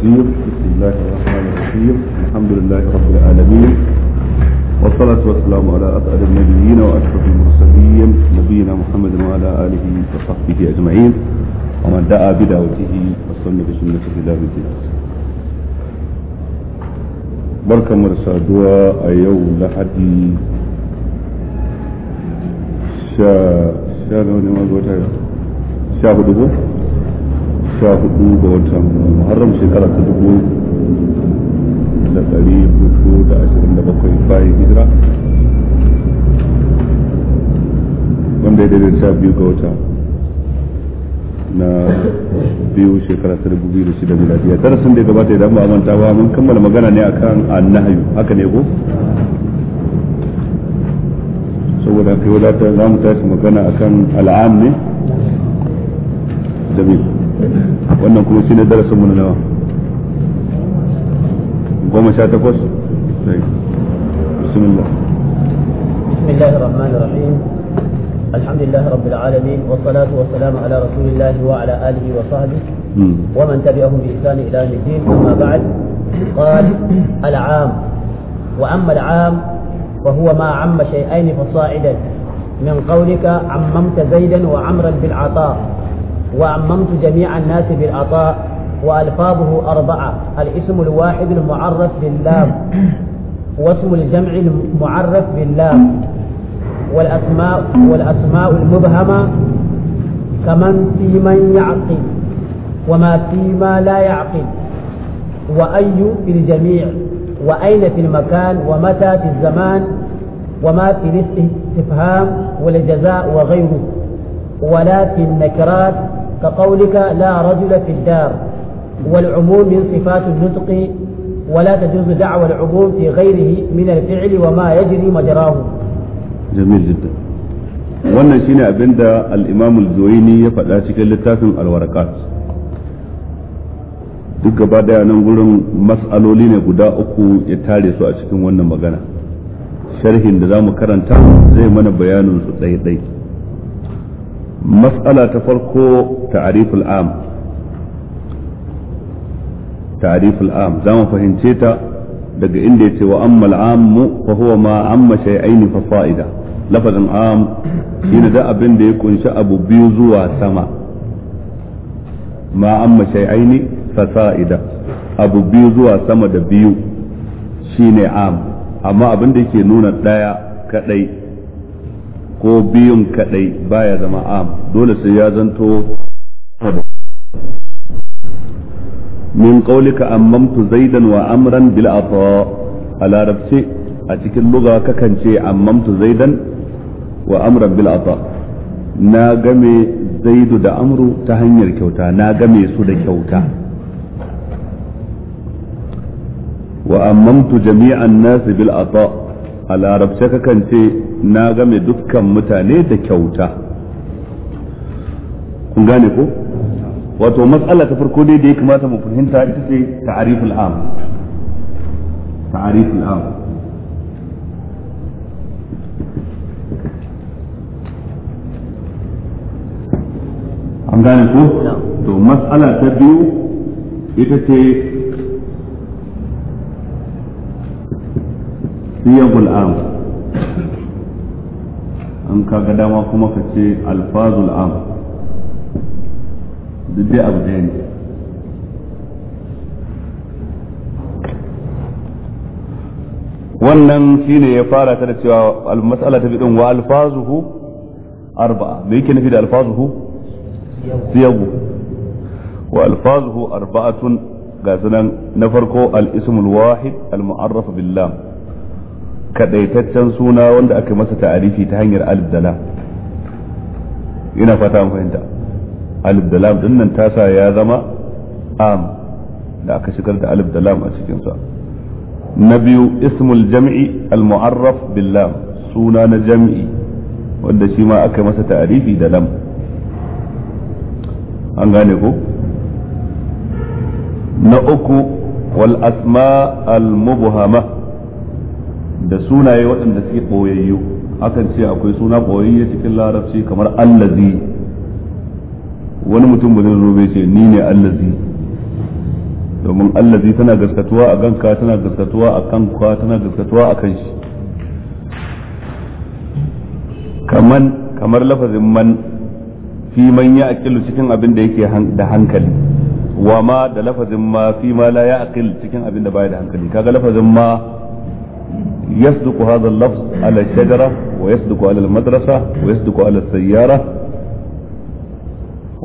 الرجيم بسم الله الرحمن الرحيم الحمد لله رب العالمين والصلاة والسلام على أسعد النبيين وأشرف المرسلين نبينا محمد وعلى آله وصحبه أجمعين ومن دعا بدعوته وسن بسنته إلى الدين بركة مرسى دعاء يوم لحدي شا شا لوني ما شا بدبو sha hudu ga watan muharram shekara ta dubu da ɗari hudu da ashirin da bakwai bayan hijira wanda ya daidai sha biyu ga wata na biyu shekara ta dubu biyu da shida miladiya darasin da ya gabata idan ba manta ba mun kammala magana ne akan annahayu haka ne ko saboda kai wadata za mu tashi magana akan al'am ne جميل wannan kuma shine darasin mu na nawa goma sha takwas بسم الله بسم الله الرحمن الرحيم الحمد لله رب العالمين والصلاة والسلام على رسول الله وعلى آله وصحبه ومن تبعهم بإحسان إلى يوم الدين أما بعد قال العام وأما العام فهو ما عم شيئين فصاعدا من قولك عممت زيدا وعمرا بالعطاء وعممت جميع الناس بالعطاء وألفاظه أربعة الاسم الواحد المعرف باللام واسم الجمع المعرف باللام والأسماء والأسماء المبهمة كمن في من يعقل وما فيما لا يعقل وأي في الجميع وأين في المكان ومتى في الزمان وما في الاستفهام والجزاء وغيره ولا في النكرات كقولك لا رجل في الدار والعموم من صفات النطق ولا تجوز دعوى العموم في غيره من الفعل وما يجري مجراه جميل جدا wannan shine abin da al'imam zuwaini ya faɗa cikin littafin alwarakat duk gaba daya nan gurin mas'aloli ne guda uku ya tare su a cikin wannan magana sharhin da za mu karanta zai mana bayanin su ɗaya-ɗaya mas'ala ta farko ta'riful am ta'riful am za mu fahimce ta daga inda yace wa ammal ammu fa huwa ma amma shay'aini fa fa'ida lafazin am shine da abin da ya kunshi abu biyu zuwa sama ma amma shay'aini fa fa'ida abu biyu zuwa sama da biyu shine am amma abin da yake nuna daya kadai ko biyun kadai baya zama am dole sai ya zanto min qaulika ammamtu zaidan wa amran bil ata a larabci a cikin lugha kakan ce ammamtu zaidan wa amran bil ata na game zaidu da amru ta hanyar kyauta na game su da kyauta wa ammamtu jami'an nasi bil ata a larabce kakan ce na game dukkan mutane da kyauta kun gane ko wato matsala ta farko dai da ya kamata mu fahimta ita ce ta'ariful am ta'ariful am an gane ko to matsala ta biyu ita ce siyabul am in ka ga dama kuma ka ce alfazul am duk dai abu ɗaya ne wannan shine ya fara ta da cewa al-mas'ala ta bidin wa alfazuhu arba'a me yake nufi da alfazuhu siyagu wa alfazuhu arba'atun ga sunan na farko al-ismul wahid al-mu'arraf bil lam kadaitaccen suna wanda aka masa ta'arifi ta hanyar alif da lam ina fata fahimta alif da lam dinnan tasa ya zama am da aka shigar da alif da lam a cikinsa. na biyu ismul jam'i al mu'arraf bil suna na jam'i wanda shi ma aka masa ta'arifi da lam an gane ko na uku wal asma al mubhama da sunaye waɗanda suke ɓoyayyu akan ce akwai suna ɓoyayye cikin larabci kamar allazi wani mutum ba zai zo bai ce ni ne allazi domin allazi tana gaskatuwa a ganka tana gaskatuwa a kanka tana gaskatuwa a kan shi kamar lafazin man fi man ya aqilu cikin abin da yake da hankali wa ma da lafazin ma fi ma la ya aqil cikin abin da baya da hankali kaga lafazin ma يصدق هذا اللفظ على الشجرة ويصدق على المدرسة ويصدق على السيارة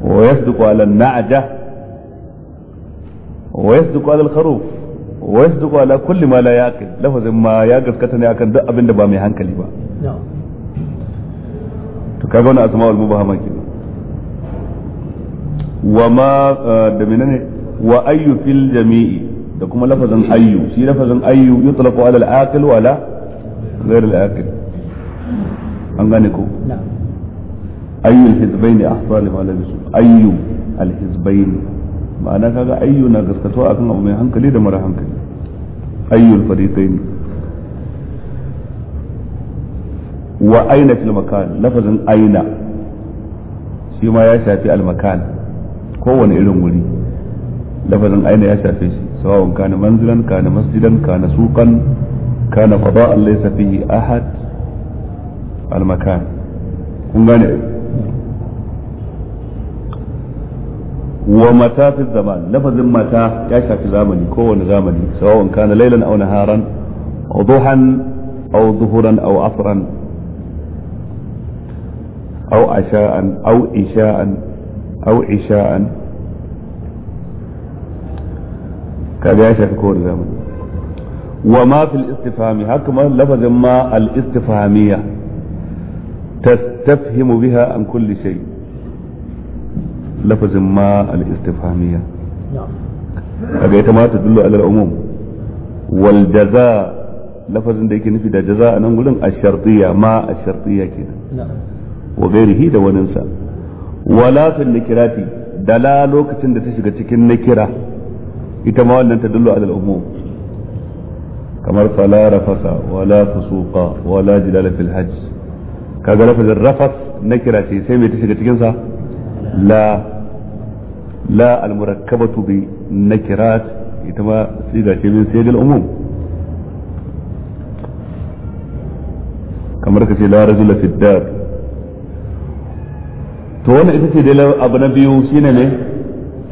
ويصدق على النعجة ويصدق على الخروف ويصدق على كل ما لا يأكل لفظ ما يأكل gaskata ياكل دق بند بامي هنك ba mai أسماء ba وما kaga wannan asma'ul mubahama da kuma lafazin ayyu shi lafazin ayyu yutlaqu ala al-aqil wa ala ghayr al-aqil an gane ko ayyu al-hizbayn ahsan wa lam yusul ayyu al-hizbayn ma'ana kaga ayyu na gaskatuwa akan abu mai hankali da mara hankali ayyu al-fariqayn wa aina fil makan lafazin aina shi ma ya shafi al-makan kowane irin wuri lafazin aina ya shafe shi سواء كان منزلا كان مسجدا كان سوقا كان فضاء ليس فيه أحد المكان كنغاني ومتى في الزمان لفظ متى يشعر في زمني كون زمني سواء كان ليلا أو نهارا أو ضحا أو ظهرا أو عصرا أو عشاء أو إشاء أو عشاء kaga ya shafi kowane zamani wa ma fil istifhami haka ma lafazin ma al istifhamiyya tastafhimu biha an kulli shay lafazin ma al istifhamiyya kaga ita ma ta dullu ala al umum wal jaza lafazin da yake nufi da jaza a nan gurin ash-shartiyya ma ash-shartiyya kenan wa ghairihi da waninsa wala fil nikirati da la lokacin da ta shiga cikin nikira ita ma wannan ta dullu alal umum kamar fala rafasa wala fusuqa wala jidala fil hajj kaga lafazin rafas na kira ce sai mai ta shiga cikin sa la la al murakkabatu bi nakirat ita ma siga ce min sayyidil umum kamar ka ce la rajula fid dar to wannan ita ce dai abu na biyu shine ne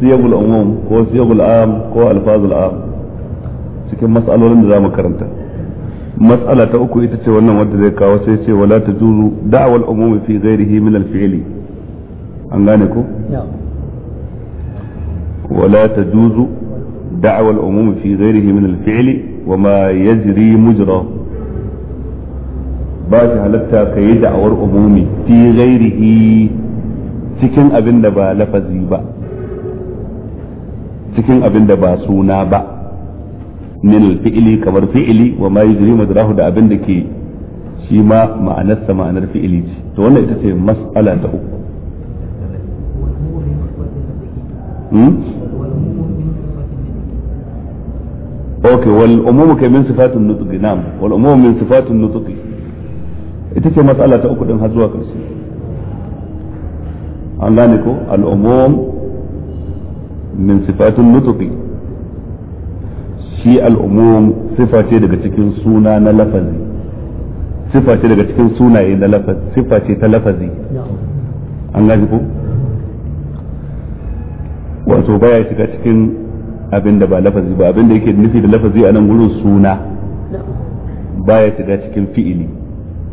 siyagul umum ko siyagul am ko alfazul am cikin mas'alolin da zamu karanta mas'ala ta uku ita ce wannan wanda zai kawo sai ce wala tajuzu da'wal umumi fi ghairihi min al-fi'li an gane ko wala ولا تجوز دعوى العموم في غيره من الفعل yajri mujra ba shi halatta ka yi da'awar umumi fi ghairihi cikin abin da ba lafazi ba cikin abin da ba suna ba min fi'ili kamar fi'ili wa ma yujri madrahu da abin da ke shi ma ma'anarsa ma'anar fi'ili ce to wannan ita ce mas'ala ta uku hmm? ok wal umumu kai min sifatun nutuqi nam wal umumu min sifatun nutuqi ita ce mas'ala ta uku din har zuwa karshe an gane ko al umum min sifatun nutuqi shi al'umum sifa ce daga cikin suna na lafazi sifa ce daga cikin sunaye na lafazi sifa ta lafazi an gaji ko wato baya shiga cikin abin da ba lafazi ba abin da yake nufi da lafazi a nan gurin suna baya shiga cikin fi'ili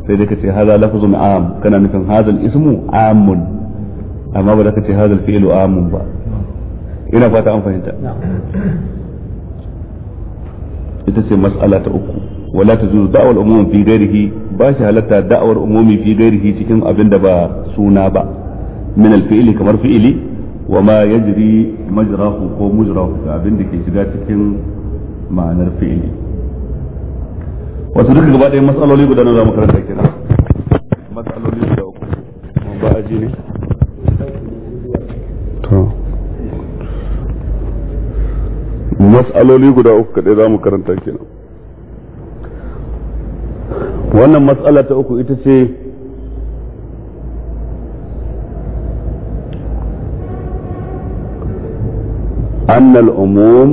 sai dai ka ce haza lafazun am kana nufin hazal ismu amun amma ba za ka ce hazal fi'ilu amun ba ina fata an fahimta ita ce mas'ala ta uku wala ta tajuzu da'awar umum fi gairihi ba shi halatta da'awar umumi fi gairihi cikin abin da ba suna ba min al-fi'li kamar fi'ili wa ma yajri majrahu ko mujrahu da abin da ke shiga cikin ma'anar fi'ili wato duka gaba ɗaya matsaloli guda na zamu karanta kenan matsaloli guda uku mun ba aji ne mas'aloli guda uku kaɗai za mu karanta kenan wannan mas'ala ta uku ita ce أن العموم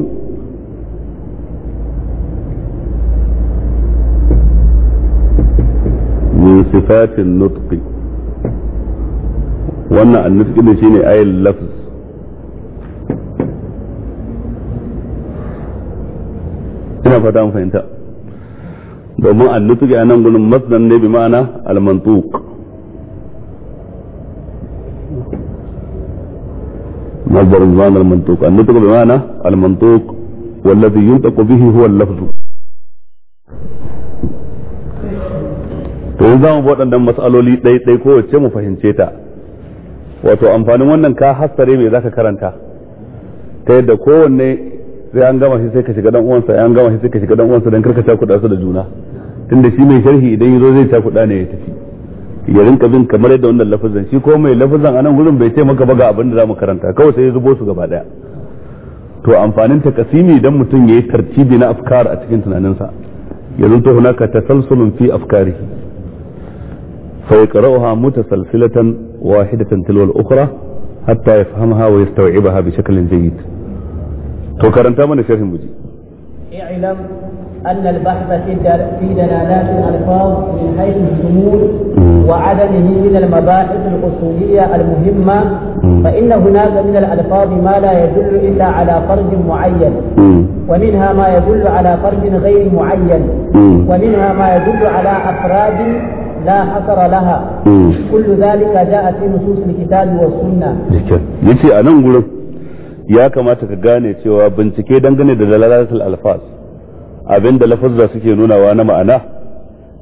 من صفات النطق وأن النطق شيء أي اللفظ ina fata an fahimta domin annutuki ga nan gudun masdar ne bi ma'ana almantuk masdar bi ma'ana almantuk annutuki bi ma'ana almantuk wallazi yuntaqu bihi huwa al-lafzu to yanzu zamu bi waɗannan mas'aloli ɗai ɗai kowace mu fahimce ta wato amfanin wannan ka hassare me zaka karanta ta yadda kowanne sai an gama shi sai ka shiga dan uwansa an gama shi sai ka shiga dan uwansa dan karka takuda su da juna tunda shi mai sharhi idan yazo zai takuda ne ya tafi ya rinka bin kamar yadda wannan lafazin shi ko mai lafazin anan gurin bai ce maka ba ga abin da zamu karanta kawai sai ya zubo su gaba daya to amfanin ta kasimi idan mutum yayi tartibi na afkar a cikin tunaninsa yanzu to hunaka tasalsulun fi afkarihi fa yaqra'uha mutasalsilatan wahidatan tilwa al-ukhra hatta yafhamaha wa yastawi'ibaha bi shaklin jayyid to karanta mana sharhin muji i'lam أن البحث في دلالات الألفاظ من حيث الجمود وعدمه من المباحث الأصولية المهمة فإن هناك من الألفاظ ما لا يدل إلا على فرد معين ومنها ما يدل على فرد غير معين ومنها ما يدل على أفراد لا حصر لها كل ذلك جاء في نصوص الكتاب والسنة يتي أنا ya kamata ka gane cewa bincike dangane da dalalatul alfas abinda lafazza suke nunawa na ma'ana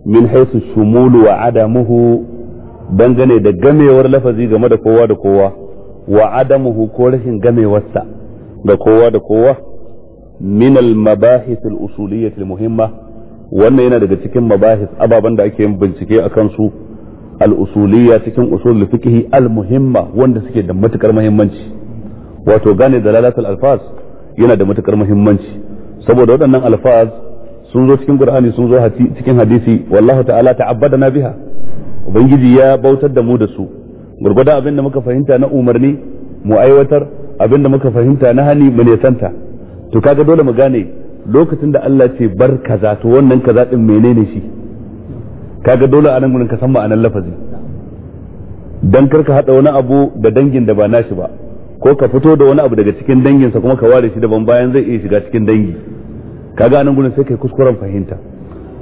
min haisu shumulu wa adamuhu dangane da gamewar lafazi game da kowa da kowa wa adamuhu ko rashin gamewarsa ga kowa da kowa min al mabahith al usuliyyah al muhimma wannan yana daga cikin mabahis ababen da ake yin bincike a kansu al usuliyya cikin usul fiqh al muhimma wanda suke da matukar muhimmanci wato gane dalalatul alfaz yana da matukar muhimmanci saboda waɗannan alfaz sun zo cikin qur'ani sun zo cikin hadisi wallahu ta'ala ta'abbadana biha ubangiji ya bautar da mu da su gurgurda abinda muka fahimta na umarni mu aiwatar abinda muka fahimta na hani mu nesanta to kaga dole mu gane lokacin da Allah ce bar kaza to wannan kaza din menene shi kaga dole anan gurin ka san ma'anar lafazi dan karka hada wani abu da dangin da ba nashi ba ko ka fito da wani abu daga cikin danginsa kuma ka ware shi daban bayan zai iya shiga cikin dangi kaga anan gurin sai kai kuskuren fahimta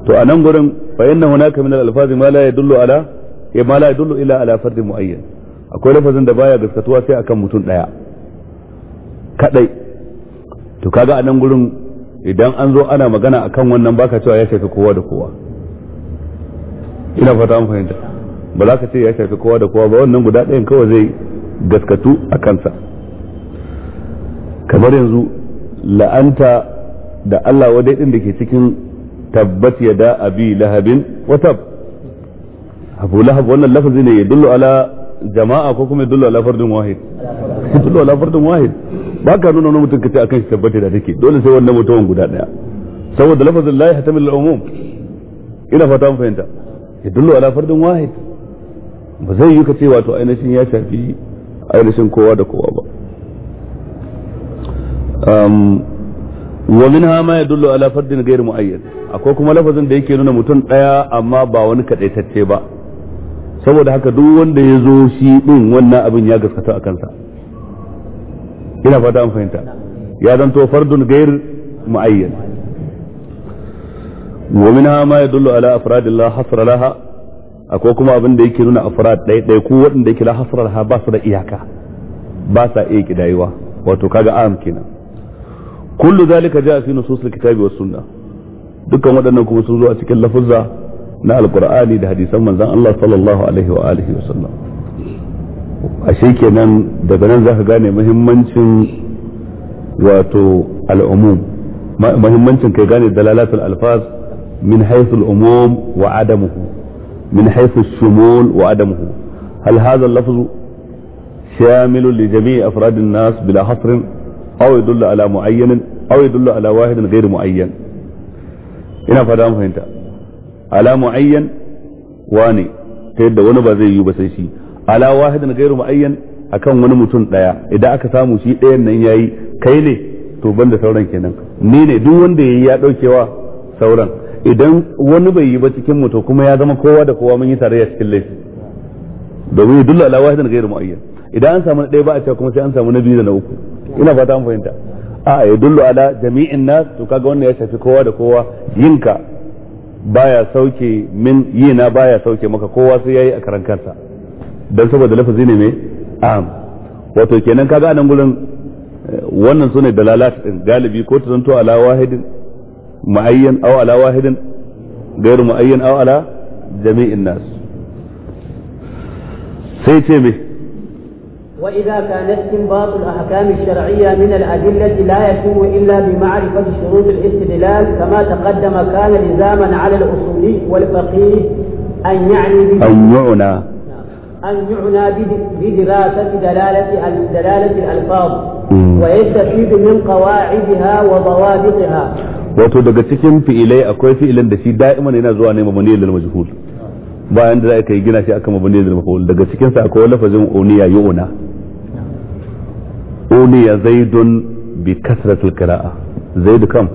to anan gurin fa inna hunaka min al-alfazi ma la yadullu ala ya eh, ma la yadullu ila ala fard muayyan akwai lafazin da baya gaskatuwa sai akan mutum daya kadai to kaga anan gurin idan an zo ana magana akan wannan baka cewa ya shafi kowa da kowa ina fata an fahimta ba za ka ce ya shafi kowa da kowa ba wannan guda ɗayan kawai zai gaskatu a kansa kamar yanzu la'anta da Allah wadai din da ke cikin tabbat ya da abi lahabin wa abu lahab wannan lafazi ne ya dullu ala jama'a ko kuma ya dullu ala fardin wahid ya dullu ala fardin wahid ba ka nuna wani mutum kace akan shi tabbata da take dole sai wannan mutumin guda daya saboda lafazin la yahtamil al-umum ina fata mun fahimta ya dullu ala fardin wahid ba zai yi ka ce wato ainihin ya shafi ainihin kowa da kowa ba Um, wa ha ma yadullu ala fardin ghayr muayyan akwai kuma lafazin da yake nuna mutum daya amma ba wani kadaitacce ba saboda haka duk wanda ya zo shi din wannan abin ya gaskata a kansa ina fata an fahimta ya zanto fardun ghayr muayyan wa ha ma yadullu ala afradillah hasra laha akwai kuma abin da yake nuna afrad ɗaya ɗaya ko waɗanda yake la hasra laha ba su da iyaka ba sa iya kidayewa wato kaga am kenan كل ذلك جاء في نصوص الكتاب والسنة دكا مدنكم سنزوء سكن لفظة من القرآن ده حديث من زان الله صلى الله عليه وآله وسلم أشيك نان دبنا زهقاني مهم منشن واتو العموم مهم منشن كيغاني دلالات الألفاظ من حيث العموم وعدمه من حيث الشمول وعدمه هل هذا اللفظ شامل لجميع أفراد الناس بلا حصر aw يدل على معين aw يدل على واحد غير muayyan ina fada mu fahimta ala muayyan ta yadda wani ba zai yi ba sai shi ala wahidin ghairu muayyan akan wani mutum daya idan aka samu shi dayan nan yayi kai ne to banda sauran kenan ni ne ya daukewa sauran idan wani bai yi ba cikin to kuma ya zama kowa da kowa mun yi tarayya cikin laifi domin ala ghairu muayyan idan an samu na ɗaya ba a cewa kuma sai an samu na biyu da na uku ina fata an fahimta a ya dullu ala jami'in nas to kaga wannan ya shafi kowa da kowa yinka baya sauke min yi na baya sauke maka kowa sai yayi a karan kansa dan saboda lafazi ne me am wato kenan kaga anan gurin eh, wannan sune dalalat din galibi ko ta zanto ala wahidin muayyan aw ala wahidin gairu muayyan aw ala jami'in nas sai ce me وإذا كان استنباط الأحكام الشرعية من الأدلة لا يتم إلا بمعرفة شروط الاستدلال كما تقدم كان لزاما على الأصولي والفقيه أن يعني أن يعنى أن يعنى بدراسة دلالة دلالة الألفاظ ويستفيد من قواعدها وضوابطها wato daga cikin fi'ilai akwai fi'ilan da shi da'ima ne yana zuwa ne mabani lil majhul bayan da za ka yi gina shi akan mabani lil majhul daga cikin sa akwai lafazin uniya yu'na uniya zaidun bi kasratul qira'a zaidu kam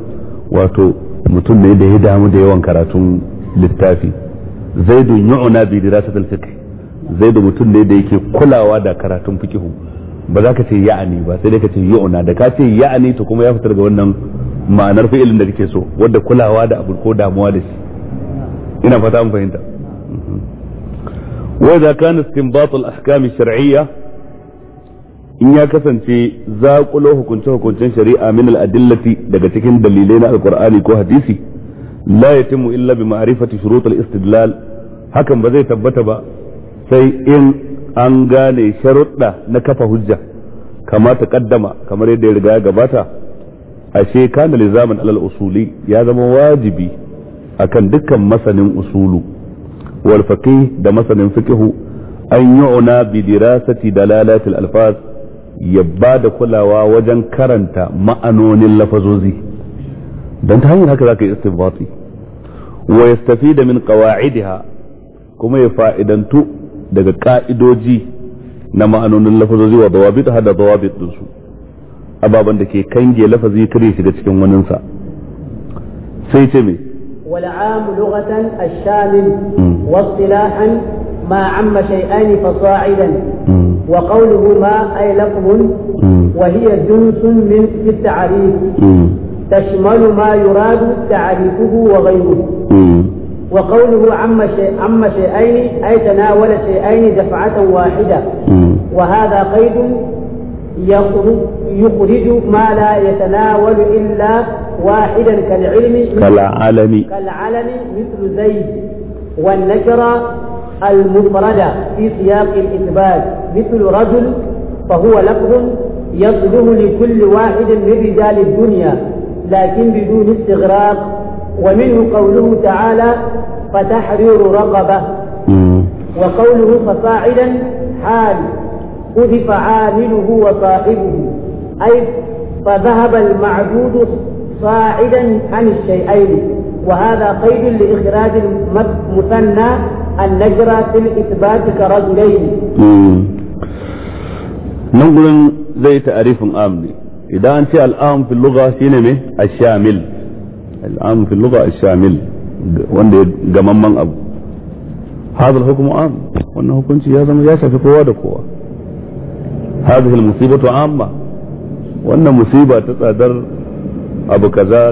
wato mutum ne da ya damu da yawan karatun littafi zaidun yu'na bi dirasatil fiqh zaidu mutum ne da yake kulawa da karatun fiqh ba za ka ce ya'ani ba sai dai ka ce yu'na da ka ce ya'ani to kuma ya fitar ga wannan ma'anar fi'ilin da kake so wadda kulawa da abu ko damuwa da shi ina fata mun fahimta wa idza kana istinbat al shar'iyyah in ya kasance zaƙulo hukunce hukuncen shari'a min al daga cikin dalilai na alkur'ani ko hadisi la yatimu illa bi ma'rifati shurut istidlal hakan ba zai tabbata ba sai in an gane sharuɗa na kafa hujja kama ta kaddama kamar yadda ya riga ya gabata ashe kana zaman alal usuli ya zama wajibi akan dukkan masanin usulu wal faqih da masanin fiqhu an yu'na bi dirasati dalalatil alfaz ya ba da kulawa wajen karanta ma'anonin lafazozi don ta hanyar haka za ka yi istinbati wa ya da min qawa'idiha kuma ya fa'idantu daga ka'idoji na ma'anonin lafazozi wa dawabit hada dawabit din su ababan da ke kange lafazi kare shiga cikin waninsa sai ce me والعام لغة الشامل واصطلاحا ما عم شيئان فصاعدا وقوله ما أي لفظ وهي جنس من في التعريف تشمل ما يراد تعريفه وغيره وقوله عم شيء عم شيئين أي تناول شيئين دفعة واحدة وهذا قيد يخرج ما لا يتناول إلا واحدا كالعلم كالعلم كالعلم مثل زيد والنكرة المفردة في سياق الإثبات مثل رجل فهو لفظ يصدم لكل واحد من رجال الدنيا لكن بدون استغراق ومنه قوله تعالى فتحرير رقبة وقوله فصاعدا حال أذف عامله وصاحبه أي فذهب المعدود صاعدا عن الشيئين وهذا قيد لإخراج المثنى ان نجرى في الإثبات كرجلين نقول زي تعريف الأمن إذا أنت الآن في اللغة سينما الشامل الآن في اللغة الشامل وندي جمّم من أبو هذا الحكم عام وأنه كنت يا زمان يا شفيق قوة هذه المصيبة عامة وأن مصيبة تتأدر أبو كذا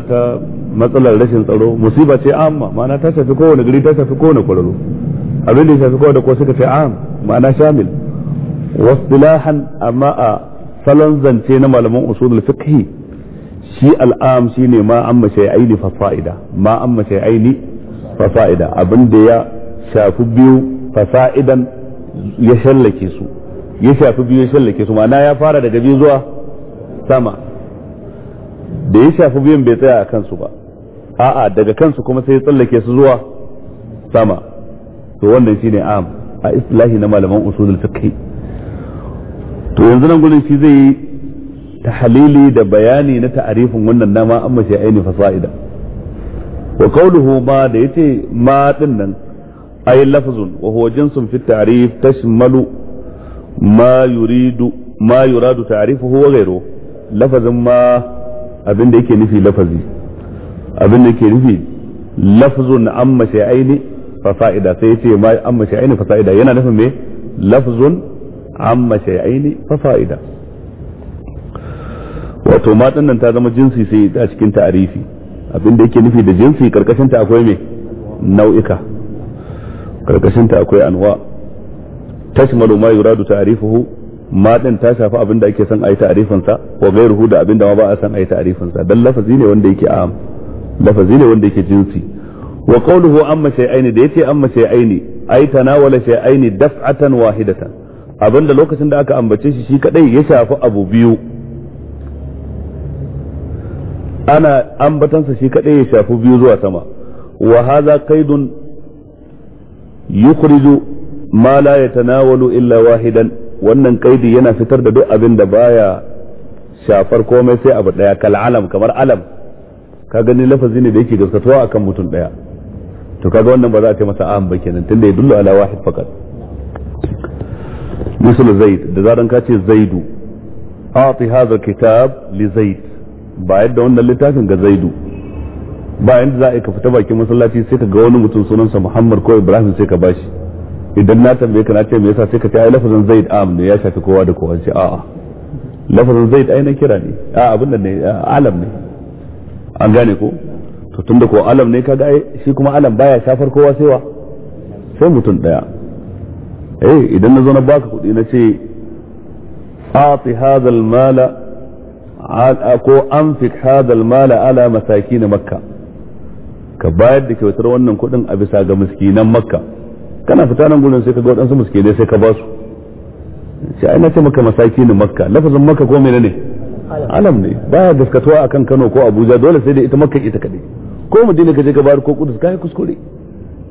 مثلا رشن تلو مصيبة عامة معناتها أنا تشفيق قوة نقولي تشفيق قوة abin da ya shafi kowa da kowa suka ce am ma'ana shamil wasdilahan amma a salon zance na malaman usulul fiqh shi al'am shine ma an mace aini fa fa'ida ma an mace aini fa fa'ida abin da ya shafi biyu fa fa'idan ya shallake su ya shafi biyu ya shallake su ma'ana ya fara daga biyu zuwa sama da ya shafi biyun bai tsaya a kansu ba a'a daga kansu kuma sai ya tsallake su zuwa sama to wannan shine am a islahi na malaman usulul fiqh to yanzu nan gurin shi zai yi tahlili da bayani na ta'arifin wannan nama amma shi aini fasa'ida wa qawluhu ma da yace ma din nan ay lafzun wa huwa jinsun fi ta'rif tashmalu ma yuridu ma yuradu ta'rifuhu wa ghayruhu lafazin ma abin da yake nufi lafazi abin da yake nufi lafzun amma shi aini fasa'ida sai ya ce ma amma shay'aini fasa'ida yana nufin me lafzun amma shay'aini fasa'ida wato ma nan ta zama jinsi sai a cikin ta'arifi abinda yake nufi da jinsi karkashin ta akwai me nau'ika karkashin ta akwai anwa tashmalu ma yuradu ta'rifuhu ma din ta shafi abin da ake son ayi ta'rifin sa wa ghairuhu da abin da ma ba a son ayi ta'rifin sa dan lafazi ne wanda yake am lafazi ne wanda yake jinsi wa qawluhu amma aini da yace amma shay'aini ai tanawala shay'aini daf'atan wahidatan abinda lokacin da aka ambace shi shi kadai ya shafi abu biyu ana ambatansa shi kadai ya shafi biyu zuwa sama wa hadha qaidun yukhriju ma la yatanawalu illa wahidan wannan kaidi yana fitar da duk abin da baya shafar komai sai abu daya kal kamar alam ka gani lafazi ne da yake gaskatuwa akan mutum daya to kaga wannan ba za a ce masa a'am ba kenan tunda ya dullu ala wahid fakat misal zaid da zaran ka ce zaidu a'ti hadha kitab li zaid ba yadda wannan littafin ga zaidu ba yadda za a ka fita bakin masallaci sai ka ga wani mutum sunansa muhammad ko ibrahim sai ka bashi idan na tambaye ka na ce me yasa sai ka ce ai lafazin zaid am ne ya shafi kowa da kowa sai a'a lafazin zaid ai na kira ne a'a abin da ne alam ne an gane ko to da ko alam ne kaga ai shi kuma alam baya shafar kowa sai wa sai mutum daya eh idan na zo na baka kuɗi na ce fati hadha mala ko anfiq hadha mala ala masakin makka ka bayar da kyautar wannan kuɗin a bisa ga miskinan makka kana fita nan gurin sai ka ga waɗansu miskinai sai ka ba su sai ai na ce maka masakin makka lafazin makka ko menene alam ne baya gaskatuwa akan Kano ko Abuja dole sai da ita makka ita kadai ko madina ka je ka bayar ko kudus kai kuskure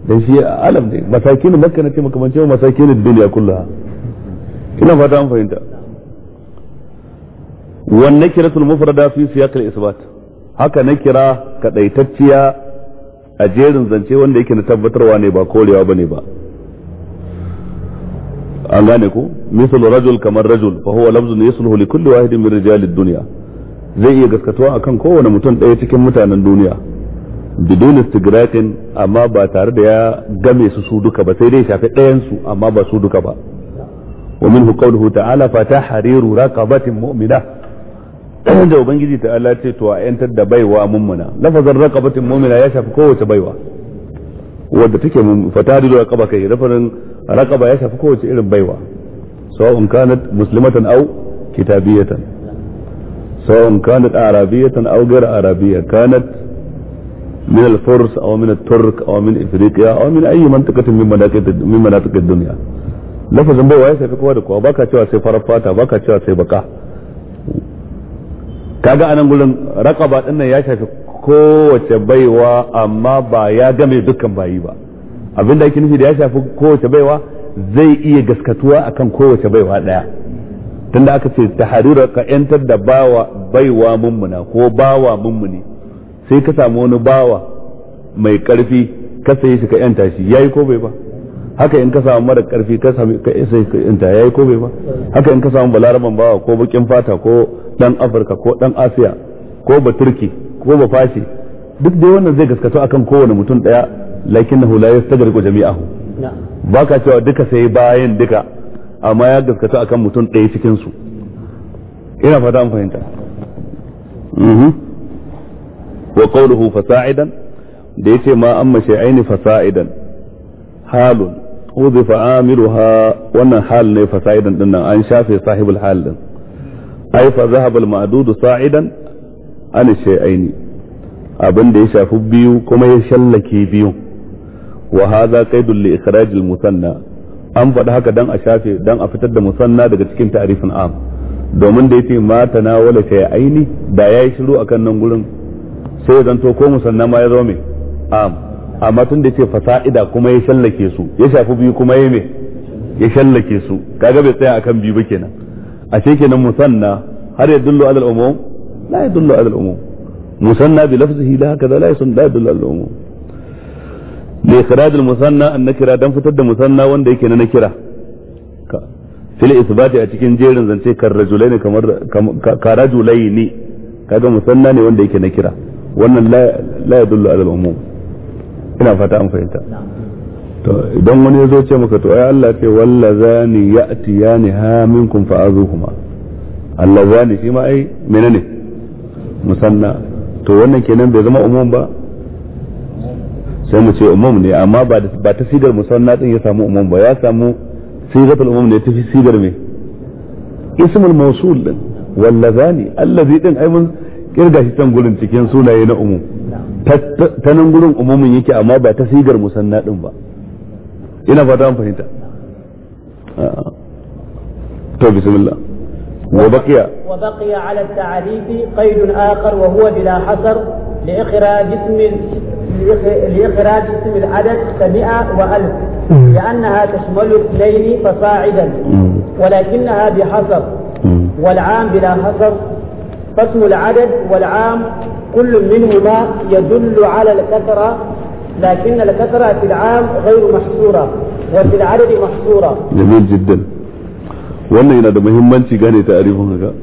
dan shi alam ne masakin makka na ce makamance masakin duniya kullaha ina fata an fahimta wan nakiratul mufrada fi siyaqil isbat haka nakira kadaitacciya a jerin zance wanda yake na tabbatarwa ne ba korewa bane ba an gane ko misal rajul kamar rajul fa huwa lafzun yasluhu li kulli wahidin min rijalid dunya zai iya gaskatuwa akan kowane mutum ɗaya cikin mutanen duniya bidon istigratin amma ba tare da ya game su su duka ba sai dai shafi ɗayan su amma ba su duka ba wa minhu qawluhu ta'ala fata hariru raqabatin mu'mina da ubangiji ta'ala ce to a yantar da baiwa mummuna lafazin raqabatin mu'mina ya shafi kowace baiwa wanda take fata hariru raqaba kai rafarin raqaba ya shafi kowace irin baiwa in kanat muslimatan aw kitabiyatan in kanat arabiyatan aw غير arabiyya kanat من الفرس او من الترك او من افريقيا او من اي منطقه من مناطق من مناطق الدنيا لفظ baiwa ya shafi كو da kowa baka سي sai باكا fata baka cewa sai baka kaga anan gurin يا din ya shafi kowace baiwa amma ba ya game dukkan bayi ba abinda ake nufi da ya shafi kowace baiwa zai iya gaskatuwa akan kowace baiwa daya tunda aka ce ta taharura ka yantar da bawa baiwa mummuna ko bawa mummuni sai ka samu wani bawa mai karfi ka saye shi ka yanta shi yayi ko bai ba haka in ka samu mara karfi ka sami ka sai ka yanta yayi ko bai ba haka in ka samu balaraban bawa ko bakin fata ko dan afirka ko dan asiya ko ba turki ko ba fashi duk dai wannan zai gaskata akan kowane mutum daya lakinnahu la yastagriqu jami'ahu baka cewa duka sai bayan duka amma ya gaskata akan mutum daya cikin su ina fata an fahimta mm-hmm. wa qawluhu fasa'idan da yace ma amma shay'aini fasa'idan halun udhifa amiruha wannan hal ne fasa'idan din nan an shafe sahibul hal din ai fa zahaba al ma'dudu sa'idan an shay'aini abin da ya shafi biyu kuma ya shallake biyu wa hadha qaidul li ikhraj al musanna an faɗi haka dan a fitar da musanna daga cikin ta'rifin am domin da yace ma tanawala shay'aini da yayi shiru akan nan gurin sai zanto ko musanna ma ya zo mai am amma tun da ce fasa'ida kuma ya shallake su ya shafi biyu kuma ya mai ya shallake su kaga bai tsaya akan biyu ba kenan a ce kenan musanna har ya dullo alal umum la ya dullo alal umum musanna bi lafzihi la haka la ya sun la ya dullo alal umum bi ikhraj al musanna an nakira dan fitar da musanna wanda yake na nakira fil isbati a cikin jerin zance kan rajulaini kamar ka rajulaini kaga musanna ne wanda yake na kira wannan la ya dullu alal umum ina fata an fahimta to idan wani ya zo ce maka to ai Allah ce ya ni ha minkum fa'azuhuma zani shi ma ai menene musanna to wannan kenan bai zama umum ba sai mu ce umum ne amma ba ba ta sigar musanna din ya samu umum ba ya samu sigatul umum ne ta fi sigar me ismul mawsul din wallazani allazi din ai mun kirga shi can gurin cikin sunaye na umu ta nan gurin umumin yake amma ba ta sigar musanna din ba ina fata an fahimta ah. to bismillah وبقي وبقي على التعريف قيد آخر وهو بلا حصر لإخراج اسم لإخراج اسم العدد كمئة وألف لأنها تشمل اثنين فصاعدا ولكنها بحصر والعام بلا حصر فاسم العدد والعام كل منهما يدل على الكثرة لكن الكثرة في العام غير محصورة وفي العدد محصورة جميل جدا وانا هنا ده مهم منشي غاني تعريفهم لك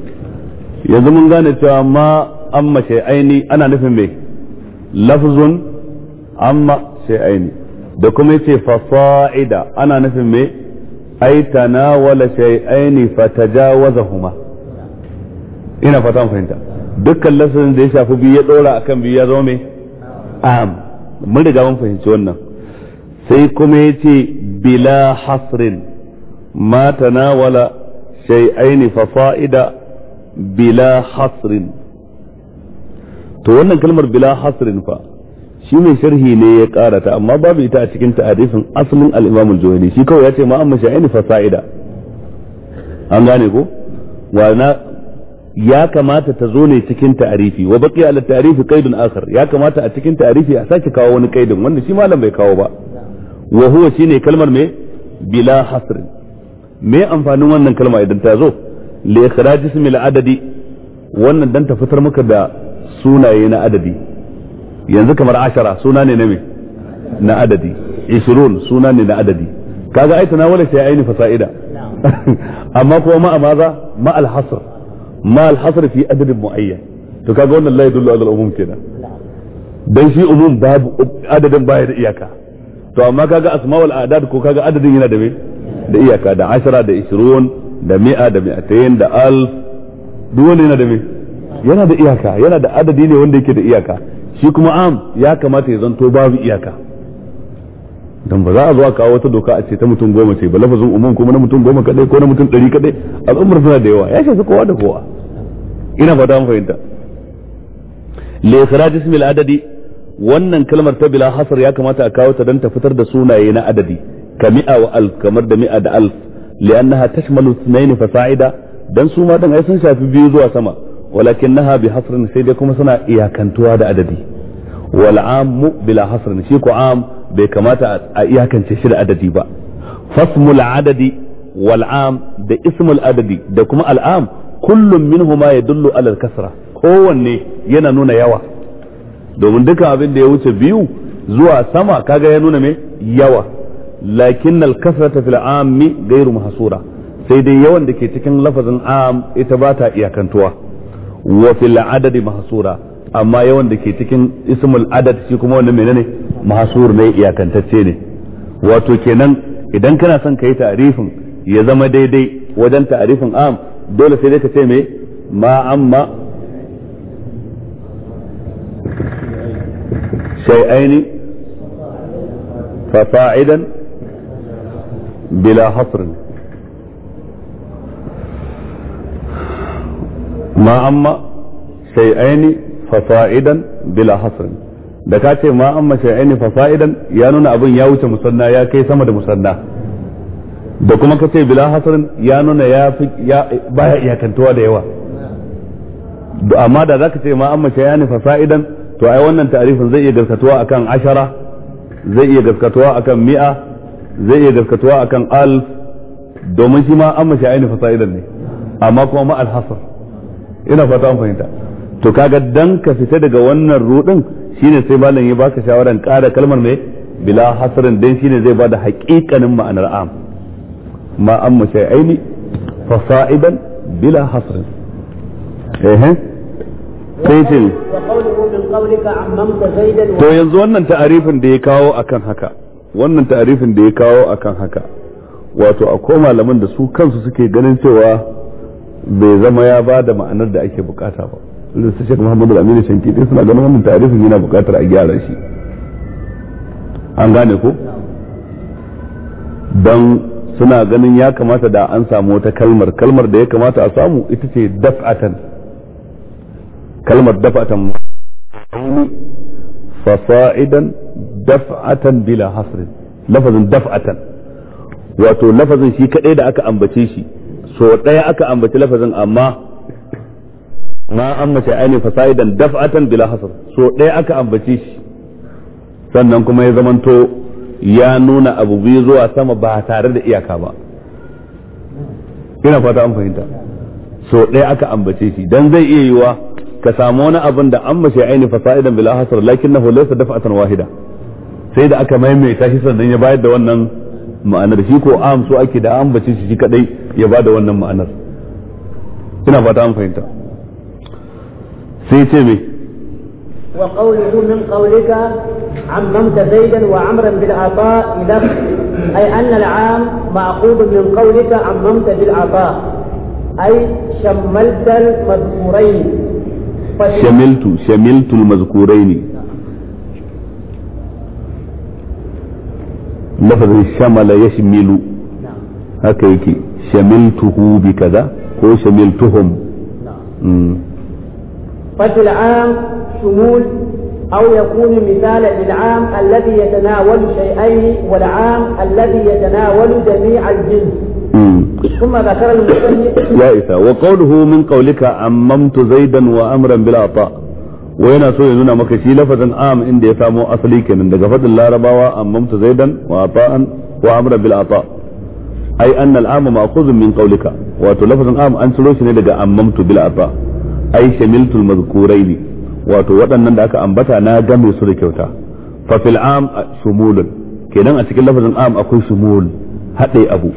يا زمن غاني ما أما شيء عيني أنا نفهم به إيه؟ لفظ أما شيء عيني ده كميتي فصاعدة أنا نفهم به إيه؟ أي تناول شيئين فتجاوزهما ina fata mu fahimta dukkan lasarin da ya shafi biyu ya dora akan biyu ya zama mai am mun riga mun fahimci wannan sai kuma ya ce bila hasrin ma tanawala aini fa fa'ida bila hasrin to wannan kalmar bila hasrin fa shi mai sharhi ne ya karata amma babu ita a cikin ta'arifin asalin al-Imam al-Juwayni shi kawai ya ce ma amma sha'ini fa sa'ida an gane ko wa na ya kamata ta zo ne cikin ta'arifi wa baqiya ala ta'arifi qaidun akhar ya kamata a cikin ta'arifi a sake kawo wani qaidin wanda shi malam bai kawo ba wa huwa shine kalmar me bila hasr me amfanin wannan kalma idan ta zo li ikhraj ismi adadi wannan dan ta fitar maka da sunaye na adadi yanzu kamar ashara suna ne na me na adadi 20 suna ne na adadi kaga na wala sai aini fasa'ida amma kuma ma amaza ma al hasr mal al-hasr fi adadin muayyan to kaga wannan la yadullu ala umum kenan dan shi umum babu adadin baya da iyaka to amma kaga asma'ul a'dad ko kaga adadin yana da me da iyaka da 10 da 20 da 100 da 200 da al duk wanda yana da me yana da iyaka yana da adadi ne wanda yake da iyaka shi kuma am ya kamata ya zanto babu iyaka dan ba za a zo a kawo wata doka a ce ta mutum goma ce ba lafazin umum kuma na mutum goma kadai ko na mutum ɗari kadai al'ummar suna da yawa ya shafi kowa da kowa ina fata mu fahimta li ikhraj ismi al-adadi wannan kalmar ta bila hasar ya kamata a kawo ta dan ta fitar da sunaye na adadi ka mi'a wa alf kamar da mi'a da alf li'annaha tashmalu ithnain fa sa'ida dan su ma dan ai sun shafi biyu zuwa sama naha bi hasrin sai dai kuma suna iyakantuwa da adadi wal ammu bila hasrin shi ko am bai kamata a iyakance shi da adadi ba fasmul adadi wal am da ismul adadi da kuma al am kullum minhuma yadullu ala al kasra kowanne yana nuna yawa domin duka abin da ya wuce biyu zuwa sama kaga ya nuna me yawa lakin al kasrata fil ammi ghairu mahsura sai dai yawan da ke cikin lafazin am ita ba ta iyakantuwa wa fil adadi mahsura amma yawan da ke cikin ismul adad shi kuma wannan menene mahsur ne iyakantacce ne wato kenan idan kana son kai ta'rifin ya zama daidai wajen ta'rifin am dole sai dai ka ce me ma amma shay'aini fa'idan bila hasr ma amma shay'aini fasa'idan bila hasr da ka ce ma amma aini fasa'idan ya nuna abin ya wuce musanna ya kai sama da musanna da kuma ka ce bila hasrin ya nuna ya fi baya iyakantuwa da yawa amma da zaka ce ma amma shay'ain fasa'idan to ai wannan ta'arifin zai iya gaskatuwa akan ashara zai iya gaskatuwa akan mi'a zai iya gaskatuwa akan alf domin shi ma amma aini fasa'idan ne amma kuma ma al ina fata an fahimta to kaga dan ka fita daga wannan rudin shine sai malam ya baka shawaran ƙara kalmar mai bila hasrin dan shine zai bada haqiqanin ma'anar am ma am aini fa sa'iban bila hasrin eh sai sai to yanzu wannan ta'arifin da ya kawo akan haka wannan ta'arifin da ya kawo akan haka wato akwai malaman da su kansu suke ganin cewa bai zama ya ba da ma'anar da ake bukata ba da su shek muhammadu aminu shanki ɗin suna ganin wannan tarihin yana buƙatar a gyara shi an gane ko Dan suna ganin ya kamata da an samu wata kalmar kalmar da ya kamata a samu ita ce daf'atan kalmar daf'atan fasa'idan daf'atan bila hasrin lafazin daf'atan wato lafazin shi kadai da aka ambace shi so daya aka ambaci lafazin amma ma amma ainihin fasaidan daf'atan bila hasar so ɗaya aka ambace shi sannan kuma ya zamanto ya nuna abu biyu zuwa sama ba tare da iyaka ba ina fata an fahimta so ɗaya aka ambace shi dan zai iya yiwa ka samu wani abin da amma sha'ani fasaidan bila na lakinnahu laysa daf'atan wahida sai da aka maimaita shi sannan ya bayar da wannan ma'anar shi ko am so ake da ambace shi kadai ya bada wannan ma'anar ina fata an fahimta sai وقوله من قولك عممت زيدا وعمرا بالعطاء لك أي أن العام معقود من قولك عممت بالعطاء أي شملت المذكورين شملت شملت المذكورين لفظ الشمل يشمل نعم. هكيك شملته بكذا هو شملتهم نعم قد العام شمول أو يكون مثالا للعام الذي يتناول شيئين والعام الذي يتناول جميع الجنس ثم ذكر المصنف وقوله من قولك عممت زيدا وأمرا بلا طاء وين سوى نونا نعم، مكشي لفظا عام عندي يسامو أصلي من دقفت الله رباوة عممت زيدا وعطاء وأمرا بلا طاء أي أن العام مأخوذ من قولك وتلفظ عام أنسلوش نلقى عممت بلا طاء ai shamiltul mazkuraini wato waɗannan da aka ambata na game su da kyauta fa fil am shumulun kenan a cikin lafazin am akwai shumul haɗe abu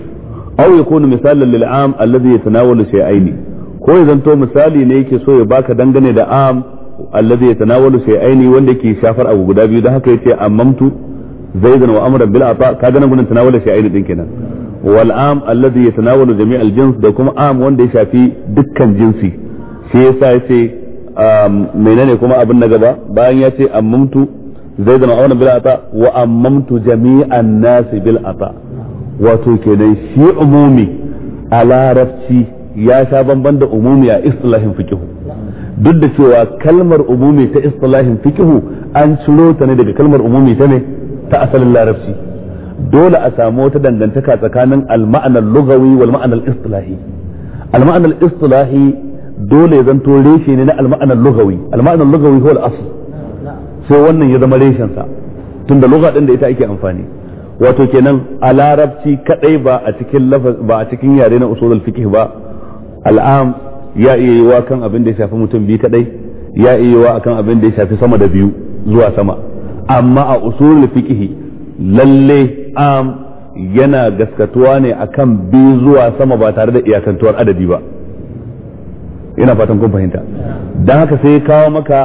aw yakunu misalan lil am alladhi yatanawalu shay'aini ko ya zanto misali ne yake so ya baka dangane da am alladhi yatanawalu shay'aini wanda yake shafar abu guda biyu da haka yace amamtu zaidan wa amran bil ata kaga nan gurin tanawala shay'aini din kenan wal am alladhi yatanawalu jami' al jins da kuma am wanda ya shafi dukkan jinsi shi yasa yace um, menene kuma abin na gaba bayan ya ce ammamtu zai zama auna bil ata wa ammamtu jami'an nasi bil ata wato kenan shi umumi a larabci ya sha bamban da umumi a istilahin fikihu duk da cewa kalmar umumi ta istilahin fikihu an ciro ta ne daga kalmar umumi ta ne ta asalin larabci dole a samu wata dangantaka tsakanin al-ma'anar lugawi wal ma'anar istilahi al-ma'anar istilahi dole zan zanto reshe ne na alma'anar lugawi alma'anar lugawi ko al-asl sai wannan ya zama reshen sa tunda lugha din da ita ake amfani wato kenan alarabci larabci kadai ba a cikin ba a cikin yare na usulul fiqh ba al'am ya iya wa kan abin da ya shafi mutum biyu kadai ya iya akan abin da ya shafi sama da biyu zuwa sama amma a usulul fiqh lalle am yana gaskatuwa ne akan biyu zuwa sama ba tare da iyakantuwar adadi ba ina fatan kun fahimta dan haka sai kawo maka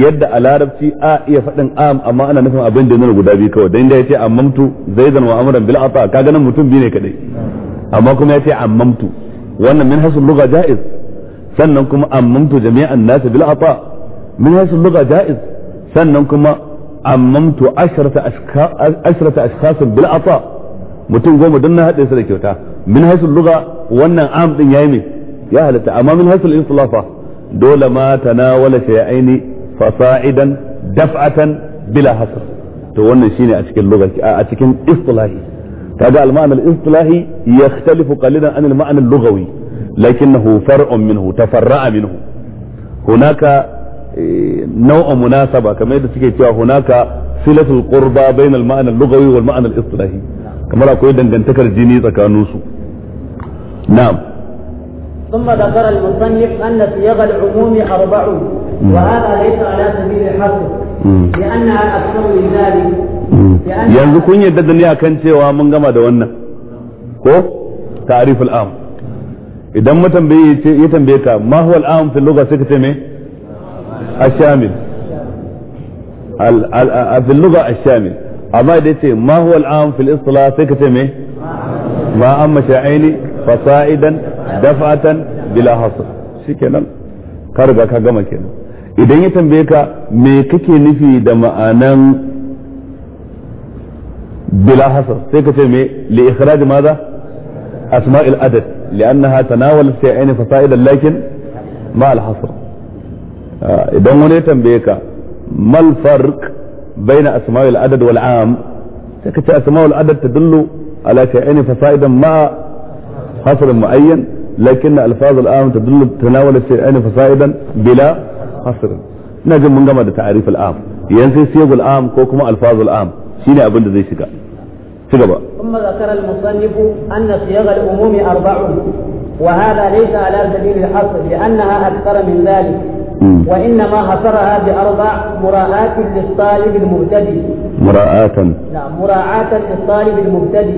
yadda a larabci a iya faɗin am amma ana nufin abin da nuna guda biyu kawai dan da yace ammamtu zaidan wa amran bil ata kaga nan mutum biyu ne kadai amma kuma yace ammamtu wannan min hasul lugha jaiz sannan kuma ammamtu jami'an nas bil ata min hasul lugha jaiz sannan kuma ammamtu ashrata ashka ashrata ashkhas bil ata mutum goma dan na hade su da kyauta min hasul lugha wannan am din yayi mai يا هل أما من هذه الإنصلافة دول ما تناول شيئين فصاعدا دفعة بلا هسر تقولنا شيني أتكين لغة أتكين إصطلاحي هذا المعنى الإصطلاحي يختلف قليلا عن المعنى اللغوي لكنه فرع منه تفرع منه هناك إيه، نوع مناسبة كما يتسكي هناك صلة القربة بين المعنى اللغوي والمعنى الإصطلاحي كما لا قيدا أن تكر الجيني نعم ثم ذكر المصنف أن صيغ العموم أربع وهذا ليس على سبيل الحصر لأنها أكثر من ذلك yanzu kun yadda da ni akan cewa mun gama da wannan ko ta'rif al-am idan mu tambaye ya tambaye ka ma huwa al-am fi lugha sai ka ce me ash-shamil al fi lugha ash-shamil amma da yace ma huwa al-am fi al-istilah sai ka ce me ma amma sha'aini fasa'idan dafatan bila hasr shikenan ka riga ka gama kenan idan ya tambaye ka me kake nufi da ma'anan bila hasr sai ka ce me li ikhraj maza asma'il adad li'annaha tanawalat shay'ain fasa'idan lakin ma al hasr ah, idan wani ya tambaye ka mal farq bayna asma'il adad wal 'am sai ka ce asma'ul adad tadullu ala shay'ain fasa'idan ma حصر معين لكن الفاظ الآن تدل تناول الشيئين فصائدا بلا حصر نجم من قمر تعريف الآم ينسي يعني سيغ الآم كوكما الفاظ الآم شيني أبند ذي شكا ثم ذكر المصنف أن صياغ الأموم أربع وهذا ليس على سبيل الحصر لأنها أكثر من ذلك وإنما حصرها بأربع مراعاة للطالب المهتدي مراعاة نعم مراعاة للطالب المهتدي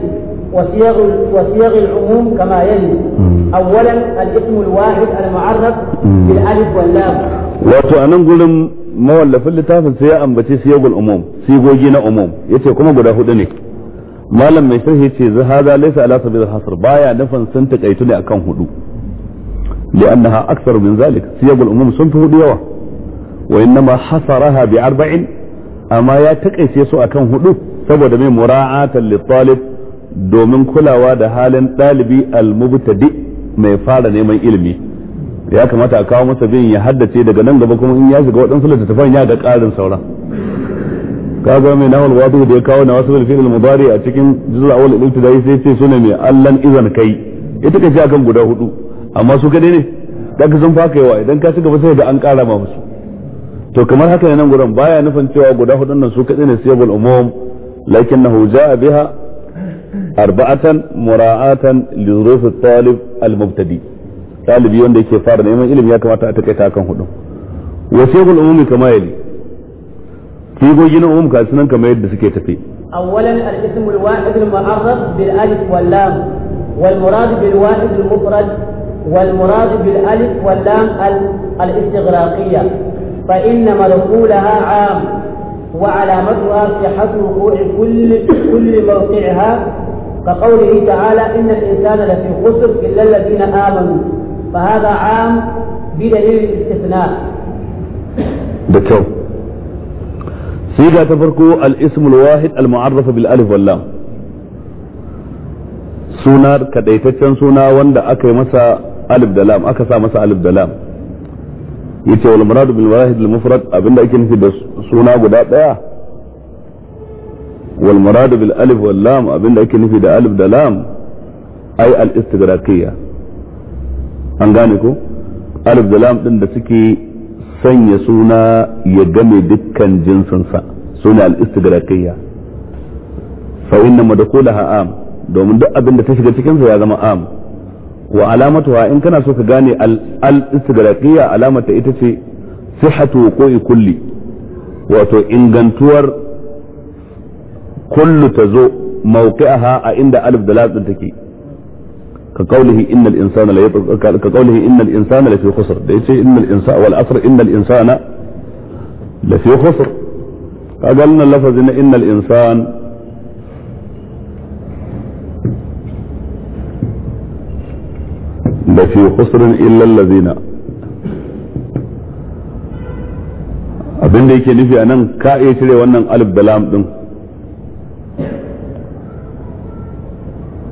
وصيغ وصيغ العموم كما يلي اولا الاسم الواحد المعرف بالالف واللام wato a nan gurin mawallafin littafin sai ya ambaci siyagul umum sigogi na umum yace kuma guda hudu ne malam mai sharhi ce zahaza laysa ala sabil hasr baya nufin sun takaitu ne akan hudu li'annaha akthar min zalik siyagul umum sun fi hudu yawa wa innama hasaraha bi arba'in amma ya takaice su akan hudu saboda mai mura'atan li talib domin kulawa da halin ɗalibi almubtadi mai fara neman ilimi ya kamata a kawo masa bin ya haddace daga nan gaba kuma in ya shiga waɗansu littattafan ya ga ƙarin sauran kaga mai nahul wadu da ya kawo na wasu fil mudari a cikin juz'a awal ibtidai sai ce sune mai allan izan kai ita kace akan guda hudu amma su kadai ne kaga sun fakayewa idan ka shiga gaba sai da an ƙara ma musu to kamar haka ne nan gurin baya nufin cewa guda hudun nan su kadai ne sayyibul umum lakinnahu ja'a biha أربعة مراعاة لظروف الطالب المبتدي طالب يوم ديكي فارن إما إلم يا تأتكي تاكم هدو وشيخ الأمم كما يلي في بوجين أمم كالسنان كما يد بسكي تفي أولا الاسم الواحد المعرض بالألف واللام والمراد بالواحد المفرد والمراد بالألف واللام الاستغراقية فإنما مدخولها عام وعلامتها صحة وقوع كل كل موقعها كقوله تعالى إن الإنسان لفي خسر إلا الذين آمنوا فهذا عام بدليل الاستثناء. دكتور سيدا تفرقوا الاسم الواحد المعرف بالألف واللام سونار كديتتشن سونا وندا أكي مسا ألف دلام أكسا مسا ألف دلام yace wal murad bil wahid al mufrad abinda ake nufi da suna guda daya wal murad bil alif wal lam abinda ake nufi da alif da lam ay al istigraqiyya an gane ko alif da lam din da suke sanya suna ya game dukkan jinsinsa suna al istigraqiyya fa inna madkhulaha am domin duk abinda ta shiga cikin sa ya zama am wa alamatuha in kana so ka gane al istigraqiyya alamata ita ce sihhatu wuqu'i kulli wato ingantuwar kullu tazo mawqi'aha a inda alif da lam take ka qawlihi innal insana la yatqa ka qawlihi innal insana la fi khusr da yace innal insana wal asr innal insana la fi khusr kaga nan lafazin innal insana lafi khusrin illa allazina abin da yake nufi a nan ka iya cire wannan alif da lam din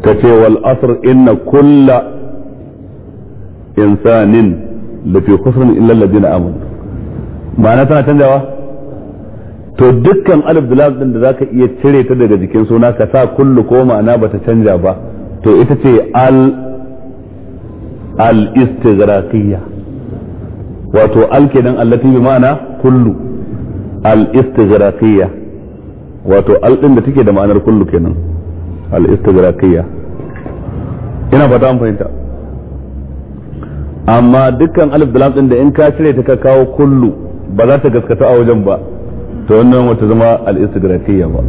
ta ce wal asr inna kulla insanin lafi khusrin illa allazina amanu ma'ana tana canjawa to dukkan alif da lam din da zaka iya cire ta daga jikin suna ka sa kullu ko ma'ana bata canja ba to ita ce al al-istighraqiyya wato alkidan allati bi ma'ana kullu al-istighraqiyya wato aldin da take da ma'anar kullu kenan al-istighraqiyya ina fata an fahimta amma dukkan alif da lam din da in ka cire ta ka kawo kullu ba za ta gaskata a wajen ba to wannan wata zama al-istighraqiyya ba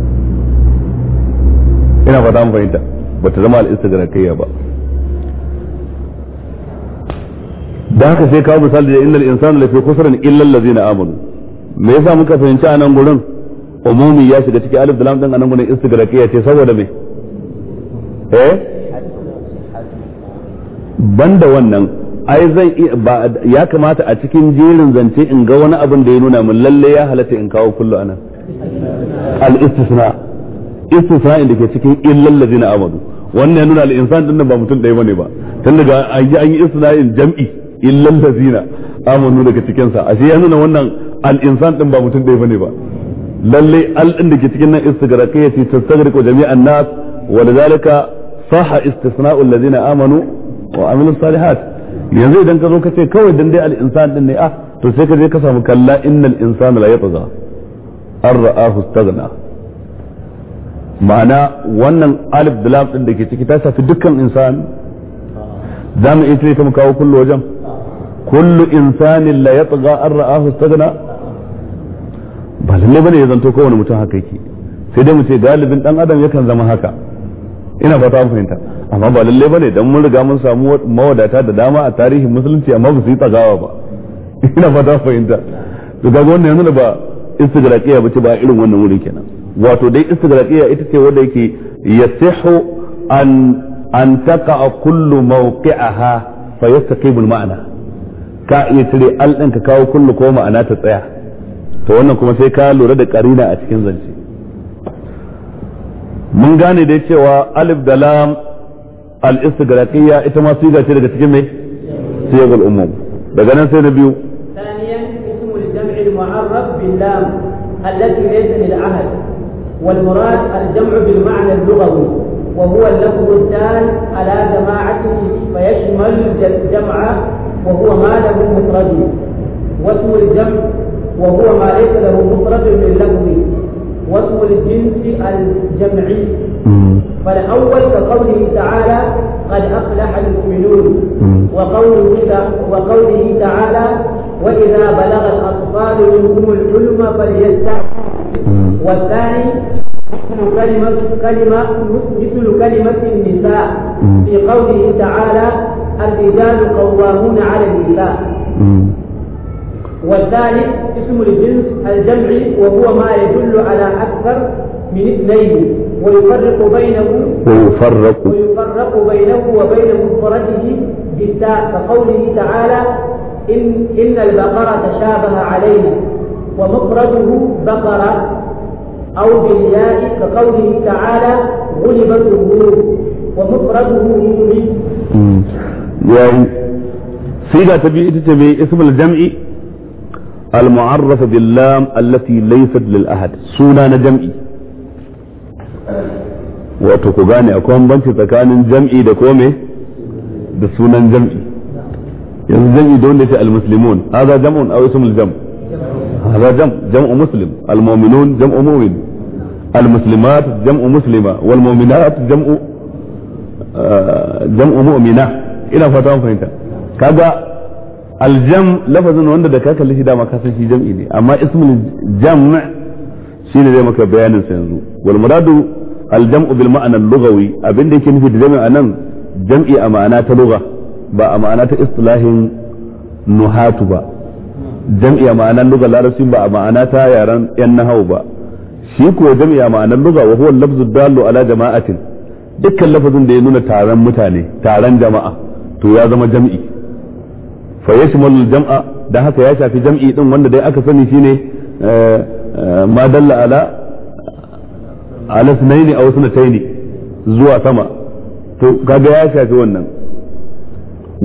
ina fata an fahimta ta zama al-istighraqiyya ba da haka sai kawo misali da innal insanu lafi kusran illa allazina amanu me yasa muka fahimci a nan gurin umumi ya shiga cikin alif da lam din a nan gurin ya ce saboda me eh banda wannan ai zan ya kamata a cikin jerin zance in ga wani abin da ya nuna min lalle ya halatta in kawo kullu anan al istisna istisna inda ke cikin illal ladina amanu wannan ya nuna al insan din ba mutum dai bane ba tun daga an yi in jam'i illal lazina amanu daga cikin sa ashe yanzu nan wannan al insan din ba mutum ɗaya bane ba lalle al din da ke cikin nan istigraqi yace tastagriqu jami'an nas wa lidhalika saha istisna'u allazina amanu wa amilus salihat yanzu idan ka zo ka ce kawai dan dai al insan din ne ah to sai ka je ka samu kalla innal insana la yatgha an ra'ahu istaghna ma'ana wannan alif da lam din da ke ciki ta shafi dukkan insan za mu iya cire ta mu kawo kullu wajen كل انسان لا يطغى ان راه استغنى ba lalle bane ya zanto kowane mutum haka yake sai dai mu ce galibin dan adam yakan zama haka ina fata ta fahimta amma ba lalle bane dan mun riga mun samu mawadata da dama a tarihin musulunci amma ba su yi tsagawa ba ina fata fahimta to kaga wannan yanzu ba istigraqiya bace ba irin wannan wurin kenan wato dai istigraqiya ita ce wanda yake yasihu an an taqa kullu mawqi'aha fa yastaqibul ma'ana ka iya cire al ɗin ka kawo kullu ko ma'ana ta tsaya to wannan kuma sai ka lura da karina a cikin zance mun gane dai cewa alif da lam al-istighraqiyya ita ma siga ce daga cikin mai siyagul umum daga nan sai na biyu ثانيا اسم الجمع المعرف باللام التي ليس للعهد والمراد الجمع بالمعنى اللغوي وهو اللفظ ala على جماعته فيشمل jam'a. وهو ما له مفرد واسم الجمع وهو ما ليس له مفرد من لفظه واسم الجنس الجمعي فالأول كقوله تعالى قد أفلح المؤمنون وقوله وقوله تعالى وإذا بلغ الأطفال منكم الحلم فليستعفوا والثاني مثل كلمة كلمة مثل كلمة النساء في قوله تعالى الرجال قوامون على النساء والثالث اسم الجنس الجمعي وهو ما يدل على أكثر من اثنين ويفرق بينه ويفرق ويفرق بينه وبين مفرده بالتاء كقوله تعالى إن إن البقرة تشابه علينا ومفرده بقرة أو بالياء كقوله تعالى غلبت الروم ومفرده مؤمن yayi siga ta biyu ita ce mai ismul jam'i المعرف باللام التي ليست للأحد سونا نجمعي wato ku gane akwai banci tsakanin jam'i da kome da sunan jam'i yanzu jam'i da wanda ya ce almuslimun haza jam'un aw ismul jam haza jam jam'u muslim almu'minun jam'u mu'min almuslimat jam'u muslima wal mu'minat jam'u jam'u mu'mina ina fata an fahimta kaga aljam lafazin wanda da ka kalli shi dama ka san shi jam'i ne amma ismul jam' ne zai maka bayanin sa yanzu wal muradu aljam'u bil ma'ana al-lughawi abinda yake nufi da jami'a nan jam'i a ma'ana ta lugha ba a ma'ana ta istilahin nuhatu ba jam'i a ma'anar lugha larabci ba a ma'ana ta yaran yan nahawu ba shi kuwa jam'i a ma'anar lugha wa huwa lafzu dallu ala jama'atin dukkan lafazin da ya nuna taron mutane taron jama'a to ya zama jam'i fa yashmalu jam'a dan haka ya shafi jam'i din wanda dai aka sani shine eh, ma dalla ala ala sunaini aw sunataini zuwa sama to kaga ya shafi wannan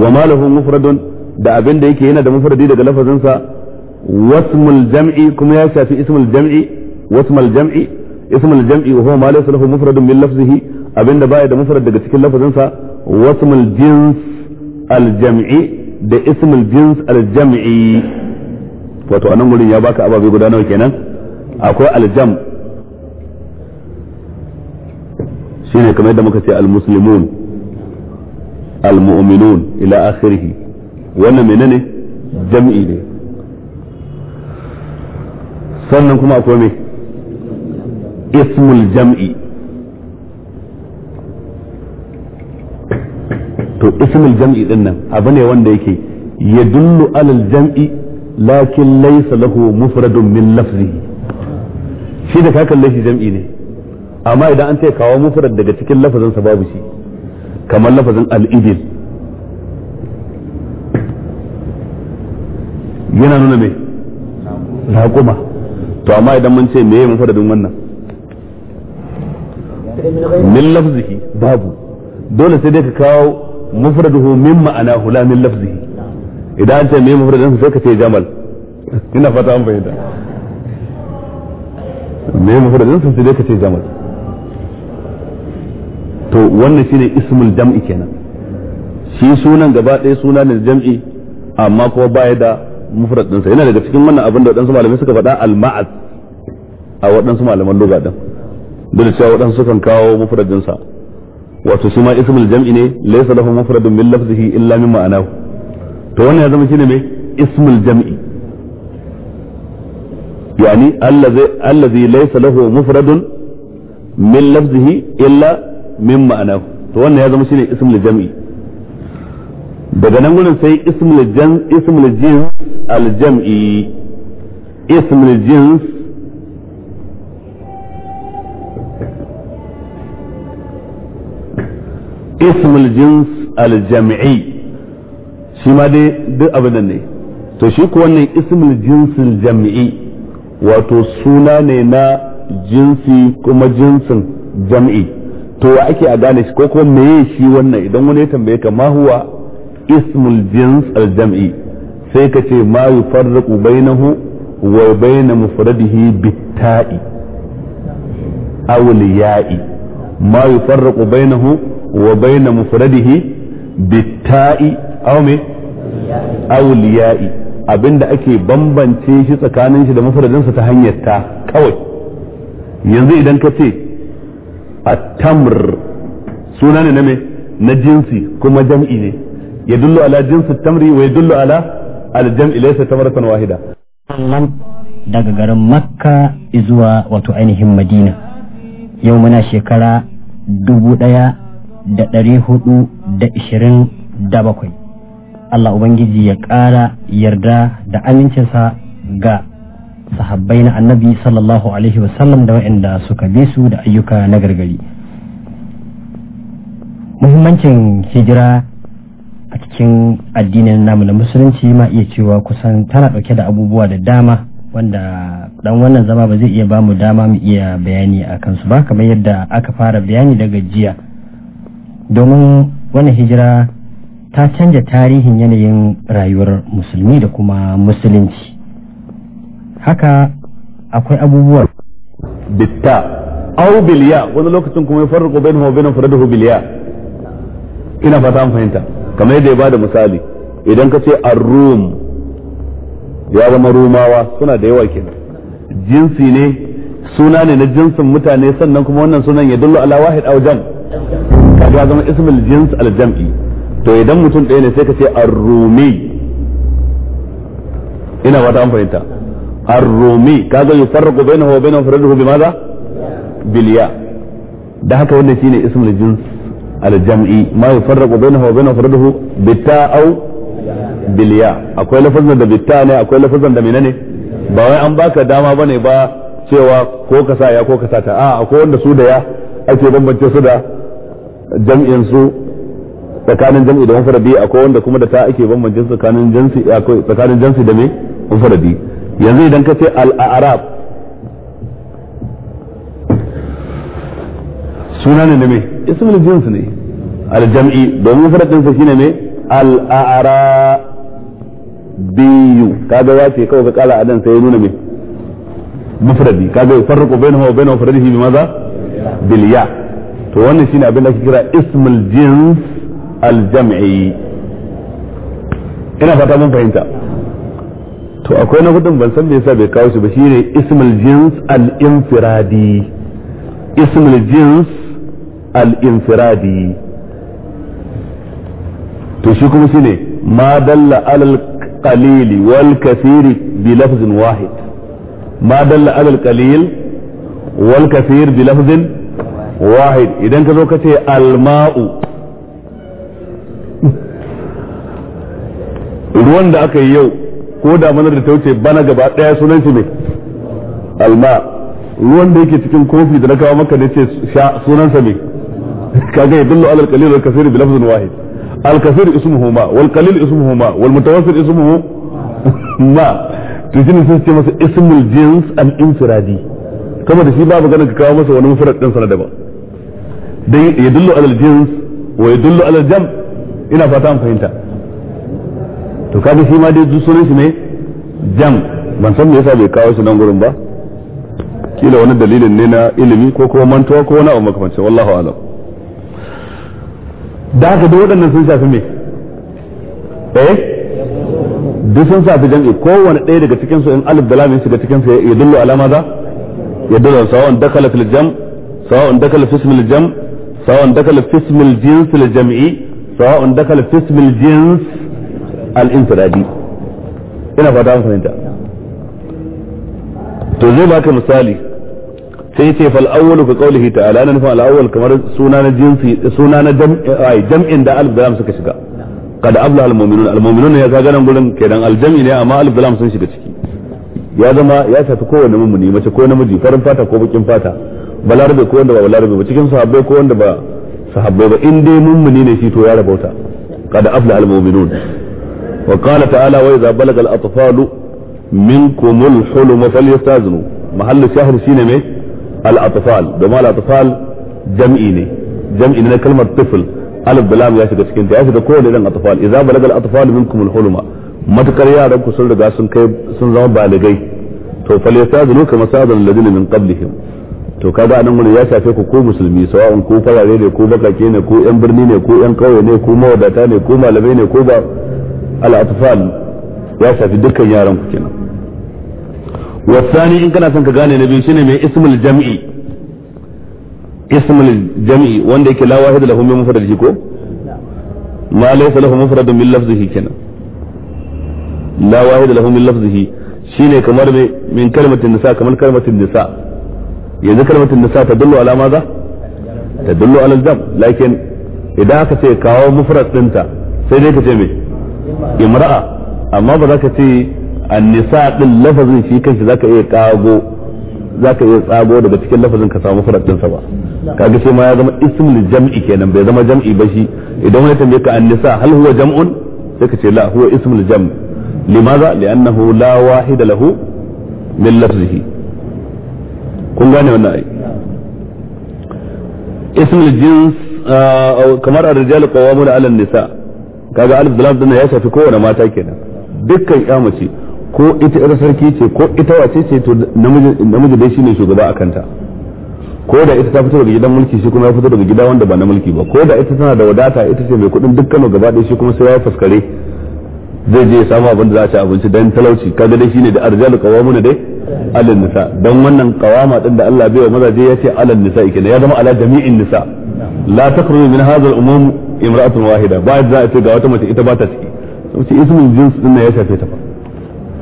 wa malahu mufradun da abin da yake yana da mufradi daga lafazin sa wasmul jam'i kuma ya shafi ismul jam'i wasmul jam'i ismul jam'i wa huwa ma laysa lahu mufradun min lafzihi abinda baya da mufrad daga cikin lafazin sa wasmul jins aljam'i da ismul jins aljam'i wato anan gurin ya baka ababe guda nawa kenan akwai aljam shine kamar yadda muka ce almuslimun almu'minun ila akhirih wannan menene jam'i ne sannan kuma akwai me ismul jam'i to ismul jam'i din nan abu ne wanda yake yadullu alal jam'i lakin laysa lahu mufradun min lafzihi shi da kakan kalle jam'i ne amma idan an ce kawo mufrad daga cikin lafazin sa babu shi kamar lafazin al-ibil yana nuna me raƙuma to amma idan mun ce meye mufradin wannan min lafzihi babu dole sai dai ka kawo mufraduhu min ma'anahu la min lafzihi idan an ce me mufradin sai ka ce jamal ina fata an fahimta me mufradin sai dai ka ce jamal to wannan shine ismul jam'i kenan shi sunan gaba ɗaya suna ne jam'i amma kuma baya da mufrad yana daga cikin wannan abin waɗansu malamai suka faɗa al a waɗansu malaman lugha din dole cewa waɗansu sukan kawo mufrad wato shi ma ismul jam'i ne laysa lahu mufradun min lafzihi illa min ma'anahu to wannan ya zama shine me ismul jam'i yani allazi allazi laysa lahu mufradun min lafzihi illa min ma'anahu to wannan ya zama shine ismul jam'i daga nan gurin sai ismul jins ismul jins al jam'i ismul jins ismul jins aljami'i shi ma dai duk abin ne to shi ko wannan ismul jinsil jami'i wato suna ne na jinsi kuma jinsin jam'i to wa ake a gane shi ko kuma meye shi wannan idan wani ya tambaye ka ma huwa ismul jins aljam'i sai ka ce ma yufarriqu bainahu wa baina mufradihi bitta'i aw liya'i ma yufarriqu bainahu wa baina mufradihi bitta'i aw me abinda ake bambance shi tsakanin shi da mufradinsa ta hanyar kawai yanzu idan ka ce at suna ne na me na jinsi kuma jam'i ne yadullu ala jinsi tamri wa yadullu ala al-jam'i laysa tamratan wahida daga garin makka izuwa wato ainihin madina yau muna shekara dubu ɗaya da ɗari hudu da ishirin da bakwai Allah Ubangiji ya ƙara yarda da amincinsa ga sahabbai na annabi sallallahu alaihi wasallam da waɗanda suka bi su da ayyuka na gargari muhimmancin hijira a cikin addinin namu na musulunci ma iya cewa kusan tana ɗauke da abubuwa da dama wanda dan wannan zama ba zai iya ba mu dama mu iya bayani a kansu ba kamar yadda aka fara bayani daga jiya domin wani hijira ta canja tarihin yanayin rayuwar musulmi da kuma musulunci haka akwai abubuwa bitta au biliya wani lokacin kuma ya farko bain hau bain faradahu biliya ina fata an fahimta kamar yadda ya bada misali idan ka ce a rum ya zama rumawa suna da yawa kenan jinsi ne suna ne na jinsin mutane sannan kuma wannan sunan ya dullu ala wahid aw kaga ya zama ismul jins al jam'i to idan mutum ɗaya ne sai ka ce ar-rumi ina wata an fahimta ar-rumi kaga yufarraqu bainahu wa bainahu faraduhu bimaza biliya da haka wannan shine ismul jins al jam'i ma yufarraqu bainahu wa bainahu faraduhu bitta au biliya akwai lafazin da bitta ne akwai lafazin da menene ba wai an baka dama bane ba cewa ko ka sa ya ko ka sa ta a akwai wanda su da ya ake bambance su da jam'in su tsakanin jam'i da mufradi akwai wanda kuma da ta ake bambancin tsakanin jinsi akwai tsakanin jinsi da me mufradi yanzu idan ka ce al-a'rab suna ne da me ismul jins ne al-jam'i domin mufradin sa shine me al-a'rabiyu kaga ya ce kawai ka kala adan sai ya nuna me mufradi kaga yafarqu bainahu wa bainahu faradihi bimaza bil ya' to wannan shine abin da ake kira ismul jins aljam'i ina fata mun fahimta to akwai na hudun ban san me yasa bai kawo shi ba shine ismul jins al-infiradi ismul jins al-infiradi to shi kuma shine ma dalla alal qalili wal kathiri bi lafzin wahid ma dalla alal qalil wal kathir bi lafzin wahid idan ka zo ka ce alma'u ruwan da aka yi yau ko da mana da ta wuce bana gaba daya sunan shi ne alma ruwan da yake cikin kofi da na kawo maka da ce sunan sa ne kaga dillo alal qalil wal kaseer bi lafzin wahid al kaseer ismuhu ma wal qalil ismuhu ma wal mutawassil ismuhu ma to shine sun ce masa ismul jins al infiradi kuma da shi babu ganin ka kawo masa wani mufrad din sana daban dan ya dullo alal jins wa ya dullo alal jam ina fata an fahimta to kaga shi ma dai sunan shi ne jam ban san me yasa bai kawo shi nan gurin ba kila wani dalilin ne na ilimi ko kuma mantuwa ko wani abu makamancin wallahu alam da haka da waɗannan sun shafi me eh duk sun shafi jam'i Kowane ɗaya daga cikin su in alif da lamin shiga cikin su ya dullo alama za ya dullo sawa'un dakala fil jam sawa'un dakala fi ismil jam sawa'un dakala fi jins al jam'i sawa'un dakala fi ismil jins al infiradi ina fata an fahimta to zai baka misali sai ce fal awwalu ka qawlihi ta'ala nan kamar suna na da alif da suka shiga kada abla al mu'minun al ya ga nan gurin kenan al ne amma alif da sun shiga ciki ya zama ya safi kowane mummuni mace ko namiji farin fata ko bakin fata balarabe ko wanda ba balarabe ba cikin sahabbai ko wanda ba sahabbai ba in dai mummuni ne shi to ya rabauta qad afla al mu'minun wa qala ta'ala wa idza balaga al atfalu minkum al hulum falyastaznu mahallu shahid shine mai al atfal domin jam'i ne jam'i ne na kalmar tifl alif da lam ya shiga cikin ta ya shiga kowane irin atfal idza balaga al atfal minkum huluma matakar yaran ku sun sun zama baligai to falyastaznu kama sadan alladhina min to kaga anan gurin ya shafe ku ko musulmi sawa'un ko farare ne ko bakake ne ko yan birni ne ko yan kauye ne ko mawadata ne ko malamai ne ko ba al'atfal ya shafi dukkan yaran ku kenan wasani in kana son ka gane na biyu shine mai ismul jam'i ismul jam'i wanda yake la wahid lahum min mufradihi ko ma laysa lahum mufradun min lafzihi kenan la wahid lahum min lafzihi shine kamar min kalmatin nisa kamar kalmatin nisa yanzu kalmatin nisa ta dullo ala maza ta dullo ala jam lakin idan aka ce kawo mufrad dinta sai dai ka ce me imra'a amma ba za ka ce annisa din lafazin shi kanshi zaka iya kago zaka iya tsago daga cikin lafazin ka samu mufrad dinsa ba kaga sai ma ya zama ismul jam'i kenan bai zama jam'i ba shi idan wani tambaye ka annisa hal huwa jam'un sai ka ce la huwa ismul jam' limaza li'annahu la wahida lahu min lafzihi kun gane wannan ai ismul jins uh, kamar ar rijal qawwamuna 'ala an-nisa kaga alif dalam din ya shafi kowane mata kenan dukkan ya mace ko ita ita sarki ce ko ita wace ce to namiji namiji dai shine shugaba akan ta ko da ita ta fito daga gidan mulki shi kuma ya fito daga gida wanda ba na mulki ba ko da ita tana da wadata ita ce mai kudin dukkan gaba ɗaya shi kuma sai ya fuskare zai je ya samu abin da za a ci abinci dan talauci kaga dai shine da arjalu qawamuna dai alal nisa don wannan kawama din da Allah bai wa mazaje yace alal nisa kenan ya zama ala jami'in nisa la takhruju min hadha al umum imra'atun wahida ba za a ce ga wata mace ita ba ta ciki sai ismul jins din ya shafe ta fa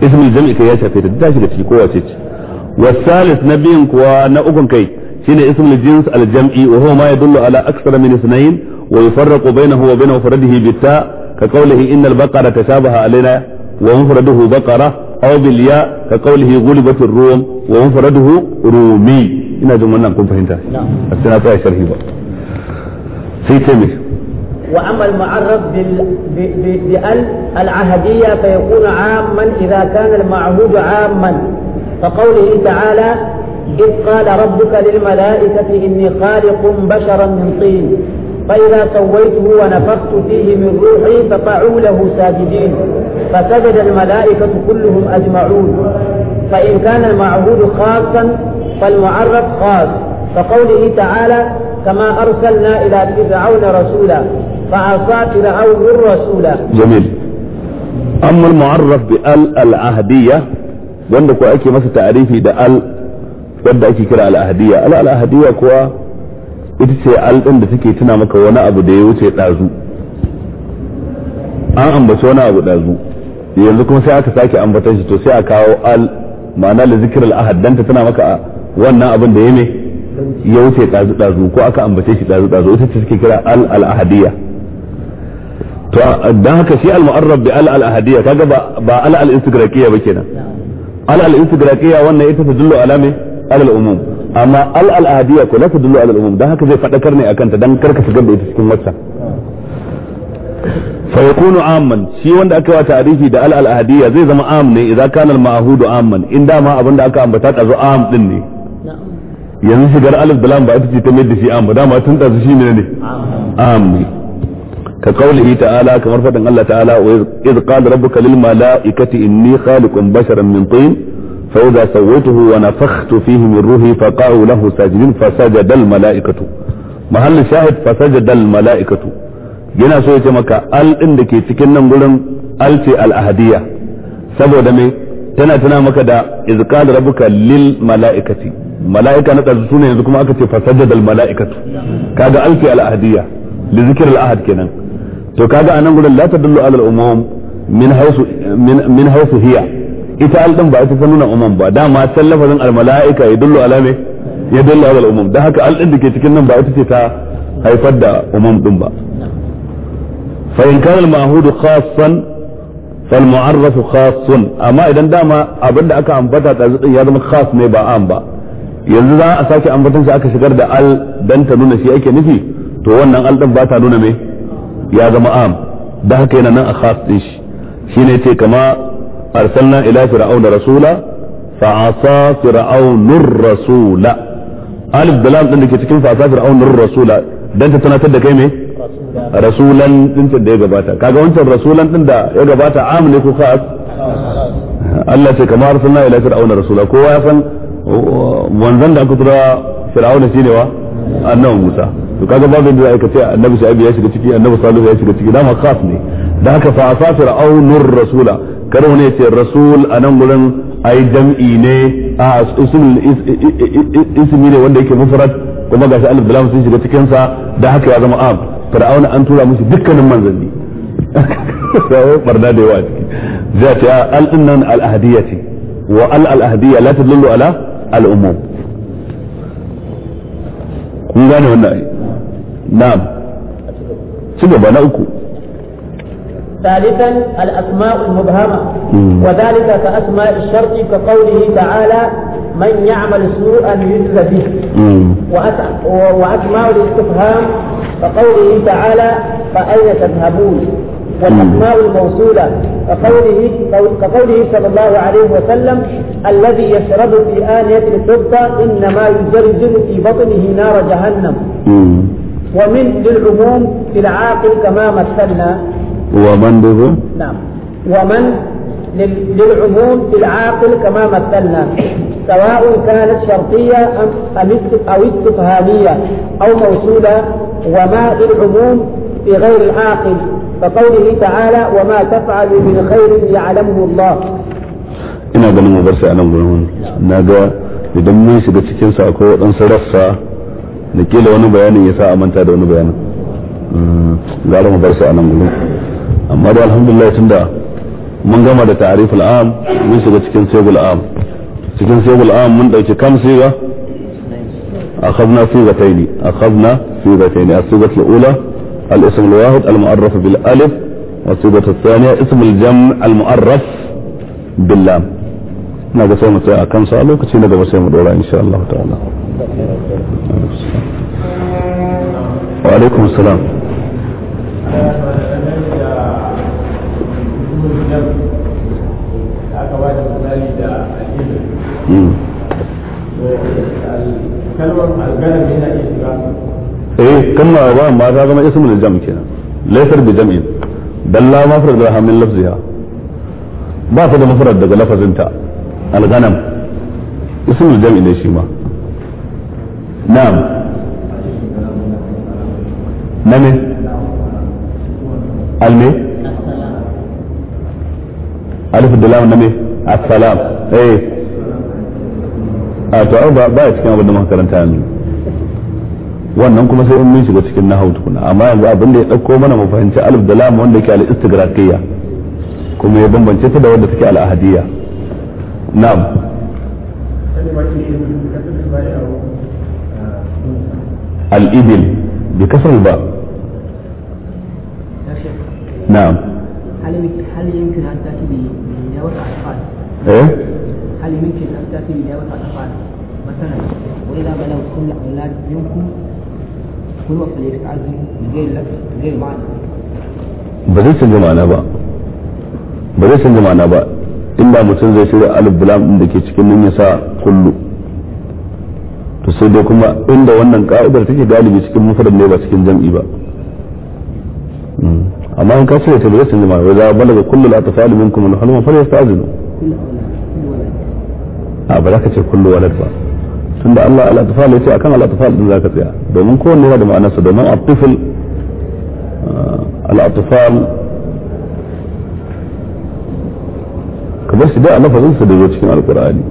ismul jam'i kai ya shafe ta da shiga ciki ko wace ce wasalis na biyun kuwa na ukun kai shine ismul jins al jam'i wa huwa ma yadullu ala akthara min ithnayn wa yufarraqu bainahu wa bainahu faradihi bitta ka qawlihi innal baqara tashabaha alaina wa mufraduhu baqara أو بالياء كقوله غلبت الروم ومفرده رومي إن هذا من فهمتها نعم أستنى في عشر هبا في تمي وأما المعرف بال... ب... ب... بأل العهدية فيكون عاما إذا كان المعهود عاما فقوله تعالى إذ قال ربك للملائكة إني خالق بشرا من طين فإذا سويته ونفخت فيه من روحي فقعوا له ساجدين فسجد الملائكة كلهم أجمعون فإن كان المعبود خاصا فالمعرف خاص فقوله تعالى كما أرسلنا إلى فرعون رسولا فعصى فرعون الرسول جميل أما المعرف بأل العهدية عندك وأكي مثل تعريفي ده أل wanda ake kira العهدية al'ahadiyya kuwa ita ce al'in da take tuna maka wani abu da ya wuce ɗazu an yanzu kuma sai aka sake ambatan shi to sai a kawo al ma'ana la zikr al ahad dan ta tana maka wannan abin da ya yake ya wuce dazu dazu ko aka ambace shi dazu dazu ita ce suke kira al al to dan haka shi al mu'arrab bi al al kaga ba ba al al istigraqiyya ba kenan al al istigraqiyya wannan ita ta dullo ala me al umum amma al al ko la ta dullo ala al umum dan haka zai fadakar ne akan ta dan karka shigar da ita cikin waccan fa yakunu amman shi wanda aka wa ta'rifi da al al'adiyya zai zama am ne idan kana al ma'hudu amman in dama abin da aka ambata da zo am din ne yanzu shigar alif da lam ba ita ce ta mai da shi am ba dama tun da shi ne ne am ne ka kaulihi ta'ala kamar fadin Allah ta'ala wa iz qala rabbuka lil mala'ikati inni khaliqun basharan min tin فإذا سويته ونفخت فيه من روحي فقعوا له ساجدين فسجد الملائكة محل شاهد فسجد الملائكة yana so ya ce maka al din da ke cikin nan gurin al ce al ahadiyya saboda me tana tana maka da izqal rabbuka lil malaikati malaika na kazu sune yanzu kuma aka ce fasajjada al malaikatu kaga al ce al ahadiyya li zikr al ahad kenan to kaga anan gurin la tadullu ala al umam min hausu min min hausu hiya ita al din ba ita ta nuna umam ba dama can al malaika yadullu ala me yadullu ala al umam dan haka al din da ke cikin nan ba ita ce ta haifar da umam din ba فإن كان المعهود خاصا فالمعرف خاص أما إذا دام أبدا أكا أنبتا تزدين يا خاص نبا أنبا yanzu za a sake ambaton shi aka shigar da al dan nuna shi ake nufi to wannan al dan ba ta nuna me ya zama am da haka yana nan a khas din shi shine ce kama arsalna ila fir'auna rasula fa asa fir'aunur rasula alif da lam ɗin da ke cikin fa asa fir'aunur rasula ta da kai me rasulan din da ya gabata kaga wancan rasulan din da ya gabata am ne ko khas Allah ce kamar arsalna ila fir'auna rasula kowa ya san wanzan da aka tura fir'auna shine wa annabi Musa to kaga babu yadda aka ce annabi Shu'aib ya shiga ciki annabi Salihu ya shiga ciki da ma khas ne da haka fa au nur rasula kar wani ya ce rasul anan gurin ai jam'i ne a ismi ne wanda yake mufrad kuma gashi alif lam sun shiga cikin sa da haka ya zama abu fir'auna an tura musu dukkanin manzanni sai barna da yawa ciki za ta al dinnan al ahdiyya ce wa al al ahdiyya la tadullu ala al umum kun gane wannan ai na'am ci gaba na uku ثالثا الأسماء المبهمة وذلك كأسماء الشرط كقوله تعالى من يعمل سوءا يجز به وأسماء الاستفهام كقوله تعالى فأين تذهبون والأسماء الموصولة كقوله كقوله صلى الله عليه وسلم الذي يشرب في آنية الفضة إنما يجرجر في بطنه نار جهنم ومن للعموم في العاقل كما مثلنا ومن به؟ نعم ومن للعموم في العاقل كما مثلنا سواء كانت شرطية أم أو استفهامية أو موصولة وماء العموم في غير العاقل كقوله تعالى وما تفعل من خير يعلمه الله ina ganin mu bar sai anan gurin na ga idan mun shiga cikin sa akwai waɗansu rassa da kila wani bayanin ya sa a manta da wani bayanin hmm, ga mu bar sai anan gurin amma da alhamdulillah tunda mun gama da ta'riful am mun shiga cikin sayyidul am cikin sayyidul am mun dauki kam siga أخذنا صيغتين أخذنا صيغتين الصيغة الأولى الاسم الواحد المؤرف بالألف والصيغة الثانية اسم الجمع المؤرف باللام هذا سيما ساعة كم سألوك سينا دم سيما الأولى إن شاء الله تعالى وعليكم السلام Mm. kalmar algalam yana iya shiga eh kalma ba ma ta zama ismul jam kenan laysar bi jam'in dalla mafrad da hamil lafziha ba ta da mafrad daga lafazinta alganam ismul jam'in ne shi ma na'am nane alme alif da lam nane assalam eh a to ai ba ba cikin abin da muka karanta yanzu wannan kuma sai in mun shiga cikin nahawu tukuna amma yanzu abin da ya dauko mana mu fahimci alif da lam wanda yake al-istigraqiyya kuma ya bambance ta da wanda take al-ahadiyya na'am al-ibil bi kasar ba na'am هل يمكن أن تأتي بنية وتعرفات؟ إيه؟ هل يمكن أن da إجابة الأفعال مثلا وإذا بلغ كل أولاد منكم كل وقت ليستعذب غير لفظ غير معنى بدل سنجمع أنا بقى ba zai canza ma'ana ba in ba mutum zai shirya alif bulam din da ke cikin nan ya sa kullu to sai dai kuma inda wannan ka'idar take galibi cikin mufrad ne ba cikin jam'i ba hmm. amma in ka shirya ta ba zai canza ma'ana ba za balaga kullu al-atfal minkum al-hulma falyasta'zinu a ba za ka ce kullu walad ba tunda Allah al-atfal yace akan al-atfal din zaka tsaya domin kowanne ne da ma'anarsa domin at-tifl al-atfal kamar shi da lafazin sa da zo cikin alqur'ani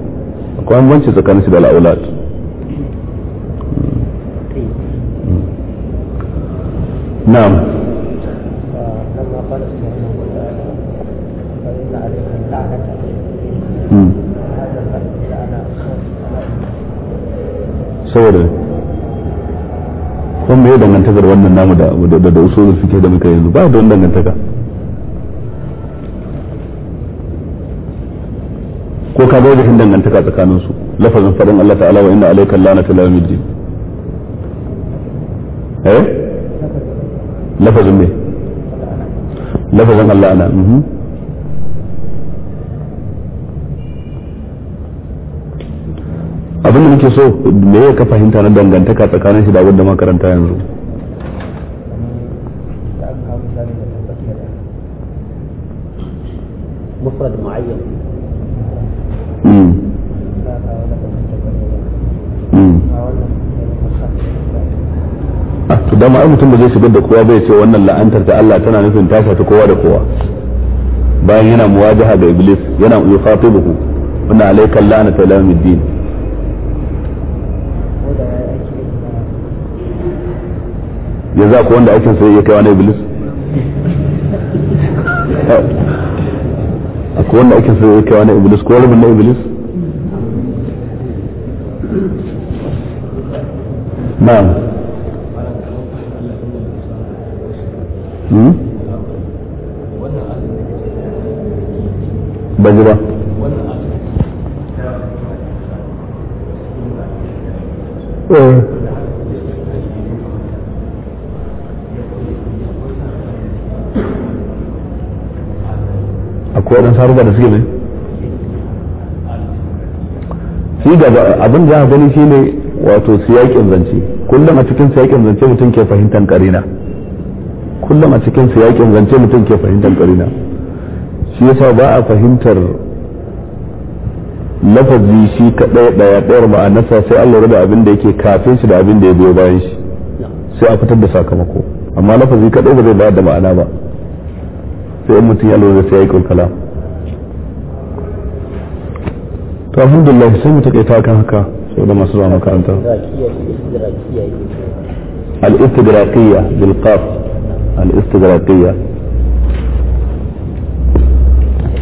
akwai bambanci tsakanin shi da al-aulad na'am saboda kun me dangantakar wannan namu da da da suke da muka yanzu ba da wannan dangantaka ko ka ga wajen dangantaka tsakanin su lafazin faɗin Allah ta'ala wa inna alayka lanata la yawmiddin eh lafazin me lafazin Allah ana mhm abinda muke so me ya ka fahimta na dangantaka tsakanin shi da abin da makaranta yanzu hmm. Hmm. Ah, dama ai mutum da zai shigar da kowa bai ce wannan la'antar ta Allah tana nufin ta shafi kowa da kowa bayan yana muwajaha ga iblis yana yufatibuhu wannan alaikal la'nata ila za ku wanda aikin sai ya kai wani iblis akwai wanda aikin sai ya kai wani iblis ko rabin na iblis na'am hmm? ba ji ba eh abubuwa da suke ne shi gaba abin da gani shine wato siyakin zance kullum a cikin siyakin zance mutum ke fahimtar karina kullum a cikin siyakin zance mutum ke fahimtar karina shi yasa ba a fahimtar lafazi shi kaɗai ɗaya ɗayar ma'anarsa sai an lura da abin da yake kafin shi da abin da ya biyo bayan shi sai a fitar da sakamako amma lafazi kaɗai ba zai bayar da ma'ana ba sai in mutum ya lura da sai ya yi kalam alhamdulillah sai mu ta kan haka sai da masu zuwa makaranta al-istigraqiyya bil qaf al-istigraqiyya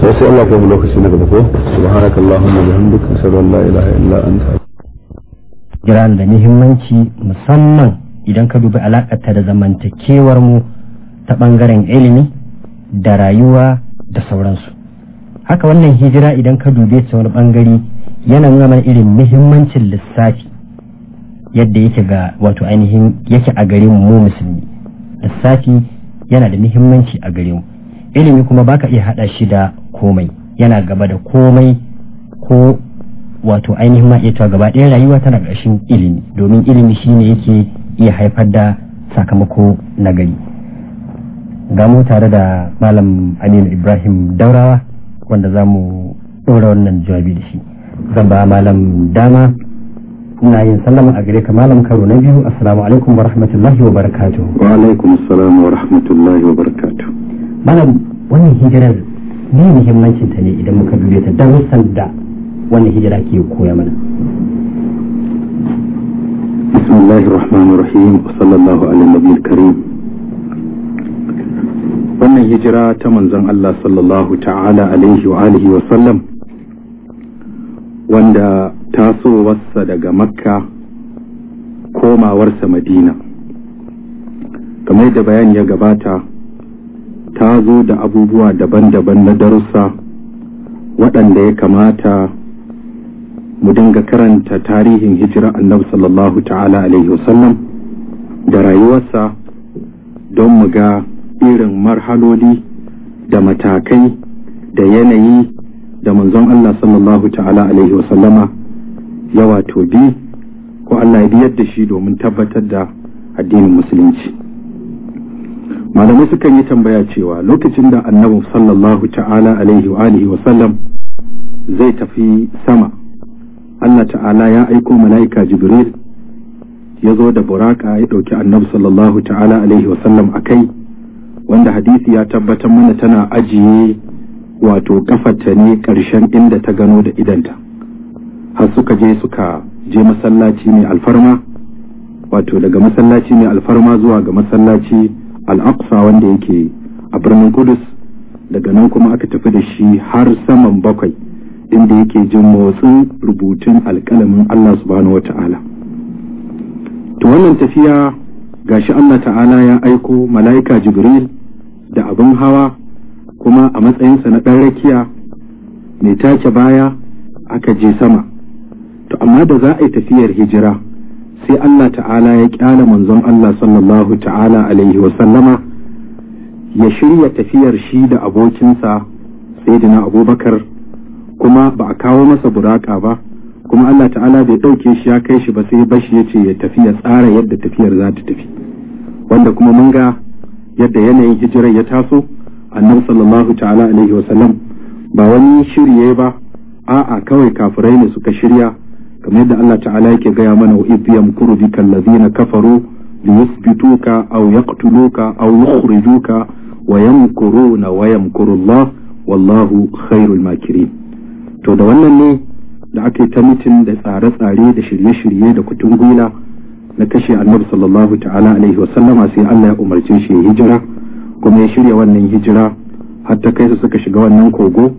to sai Allah ya lokaci na gaba ko subhanakallahumma bihamdika ashhadu an la ilaha illa anta kiran da muhimmanci musamman idan ka dubi alakarta da zamantakewar mu ta bangaren ilimi da rayuwa da sauransu haka wannan hijira idan ka dube ta wani bangare yana nuna mana irin muhimmancin lissafi yadda yake ga wato ainihin yake a gare mu musulmi lissafi yana da muhimmanci a gare mu ilimi kuma baka iya hada shi da komai yana gaba da komai ko wato ainihin ma iya gaba ɗaya rayuwa tana ƙarshen ilimi domin ilimi shine yake iya haifar da sakamako na gari gamu tare da malam aminu ibrahim daurawa wanda za mu ɗora wannan jawabi da shi zan ba malam dama ina yin sallama a gare ka malam karo na biyu assalamu alaikum wa rahmatullahi wa barakatuh wa alaikum assalam wa rahmatullahi wa barakatuh malam wannan hijirar ne muhimmancin ta ne idan muka dube ta darussan da wannan hijira ke koya mana بسم rahmanir rahim الرحيم alaihi wa على النبي wannan hijira ta manzon Allah sallallahu ta'ala alaihi wa alihi wa sallam wanda ta tasowarsa daga makka komawarsa madina kamar da bayani ya gabata ta zo da abubuwa daban-daban na darussa waɗanda ya kamata mu dinga karanta tarihin hijira annabi sallallahu ta'ala alaihi wasallam da rayuwarsa don mu ga irin marhaloli da matakai da yanayi da manzon Allah sallallahu ta'ala alaihi wa sallama ya wato bi ko Allah ya biyar da shi domin tabbatar da addinin musulunci malamai sukan yi tambaya cewa lokacin da annabi sallallahu ta'ala alaihi wa alihi wa sallam zai tafi sama Allah ta'ala ya aiko mala'ika jibril ya zo da buraka ya ɗauki annabi sallallahu ta'ala alaihi wa sallam a kai wanda hadisi ya tabbatar mana tana ajiye wato ta ne ƙarshen inda ta gano da idanta har suka je suka je masallaci mai alfarma wato daga masallaci mai alfarma zuwa ga masallaci al'aqsa wanda yake a birnin kudus daga nan kuma aka tafi da shi har saman bakwai inda yake jin motsin rubutun alkalamin allah subhanahu wata'ala to wannan tafiya gashi allah ta'ala ya aiko mala'ika jibril da abin hawa kuma a matsayinsa na ɗan rakiya mai take baya aka je sama to amma da za a yi tafiyar hijira sai Allah ta'ala ya kyala manzon Allah sallallahu ta'ala alaihi wasallama ya shirya tafiyar shi da abokinsa sai na abubakar kuma ba a kawo masa buraka ba kuma Allah ta'ala bai ɗauke shi ya kai shi ba sai bashi ya ce ya tafi ya tsara yadda tafiyar za ta tafi wanda kuma mun ga yadda yanayin hijirar ya taso annabi sallallahu ta'ala alaihi wasallam ba wani shirye ba a'a kawai kafirai ne suka shirya kamar yadda Allah ta'ala yake gaya mana wa idh yamkuru bika allazina kafaru liyuthbituka aw yaqtuluka aw yukhrijuka wa yamkuruna wa yamkuru Allah wallahu khairul makirin to da wannan ne da aka yi ta mitin da tsare-tsare da shirye-shirye da kutun gwila na kashe annabi sallallahu ta'ala alaihi wasallama sai Allah ya umarce shi ya hijira kuma ya shirya wannan hijira har ta kai su suka shiga wannan kogo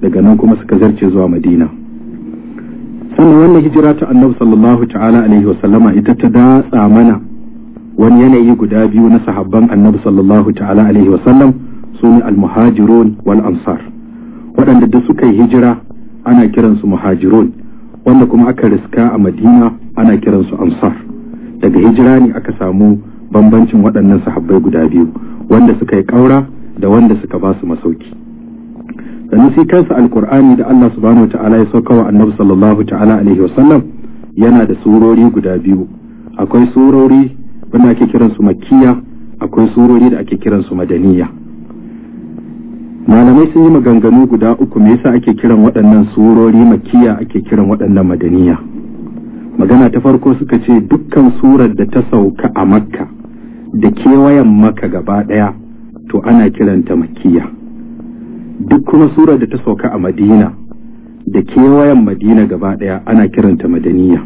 daga nan kuma suka zarce zuwa madina sannan wannan hijira ta annabi sallallahu ta'ala alaihi wasallama ita ta datsa mana wani yanayi guda biyu na sahabban annabi sallallahu ta'ala alaihi wasallam su ne almuhajirun wal ansar waɗanda da suka yi hijira ana kiransu muhajirun wanda kuma aka riska a madina ana kiransu ansar daga hijira ne aka samu bambancin waɗannan sahabbai guda biyu wanda suka yi ƙaura da wanda suka ba su masauki sannan sai kansa alkur'ani da Allah subhanahu wa ta'ala ya sauka wa annabi sallallahu ta'ala alaihi wa sallam yana da surori guda biyu akwai surori wanda ake kiran su makkiya akwai surori da ake kiran su madaniya malamai sun yi maganganu guda uku me yasa ake kiran waɗannan surori makkiya ake kiran waɗannan madaniya magana ta farko suka ce dukkan surar da ta sauka a makka da kewayen maka gaba ɗaya to ana kiranta makiya duk kuma sura da ta sauka a madina da kewayen madina gaba ɗaya ana kiranta madaniya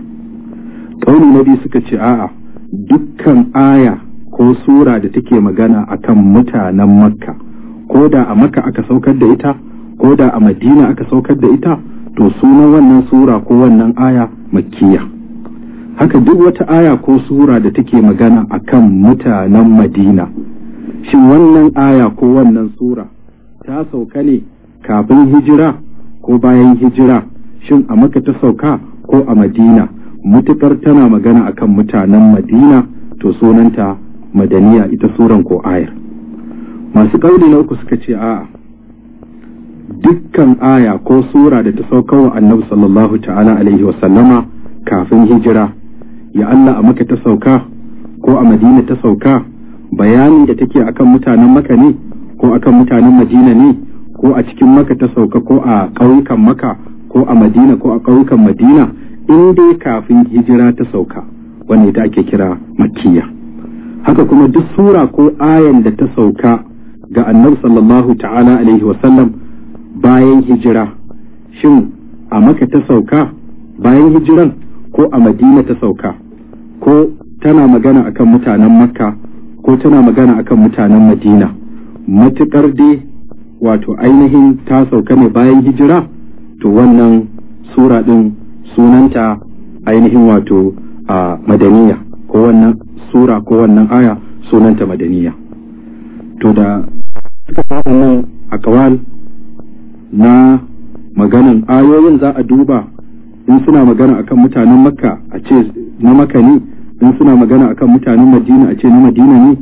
ƙauni na biyu suka ce a'a dukkan aya ko sura da take magana akan mutanen makka ko da a makka aka saukar da ita ko da a madina aka saukar da ita to sunan wannan sura ko wannan aya Makiya. haka duk wata aya ko sura da take magana akan mutanen madina shin wannan aya ko wannan sura ta sauka ne kafin hijira ko bayan hijira shin a maka ta sauka ko a madina mutukar tana magana akan mutanen madina to sunanta madaniya ita suran ko ayar masu ƙauri na uku suka ce a'a dukkan aya ko sura da ta sauka wa annabi sallallahu ta'ala alaihi wasallama kafin hijira ya Allah a maka ta sauka ko a madina ta sauka bayani da take akan mutanen maka ne ko akan mutanen madina ne ko a cikin maka ta sauka ko a ƙauyukan maka ko a madina ko a ƙauyukan madina in dai kafin hijira ta sauka wanda ita ake kira makkiya haka kuma duk sura ko ayan da ta sauka ga annabi sallallahu ta'ala alaihi wasallam bayan hijira shin a maka ta sauka bayan hijiran ko a madina ta sauka ko tana magana akan mutanen makka ko tana magana akan mutanen madina matukar dai wato ainihin ta sauka ne bayan hijira to wannan sura ɗin sunanta ainihin wato a madaniya ko wannan sura ko wannan aya sunanta madaniya to da nan a kawal na maganan ayoyin za a duba in suna magana akan mutanen makka a ce na makka ne in suna magana akan mutanen madina a ce na madina ne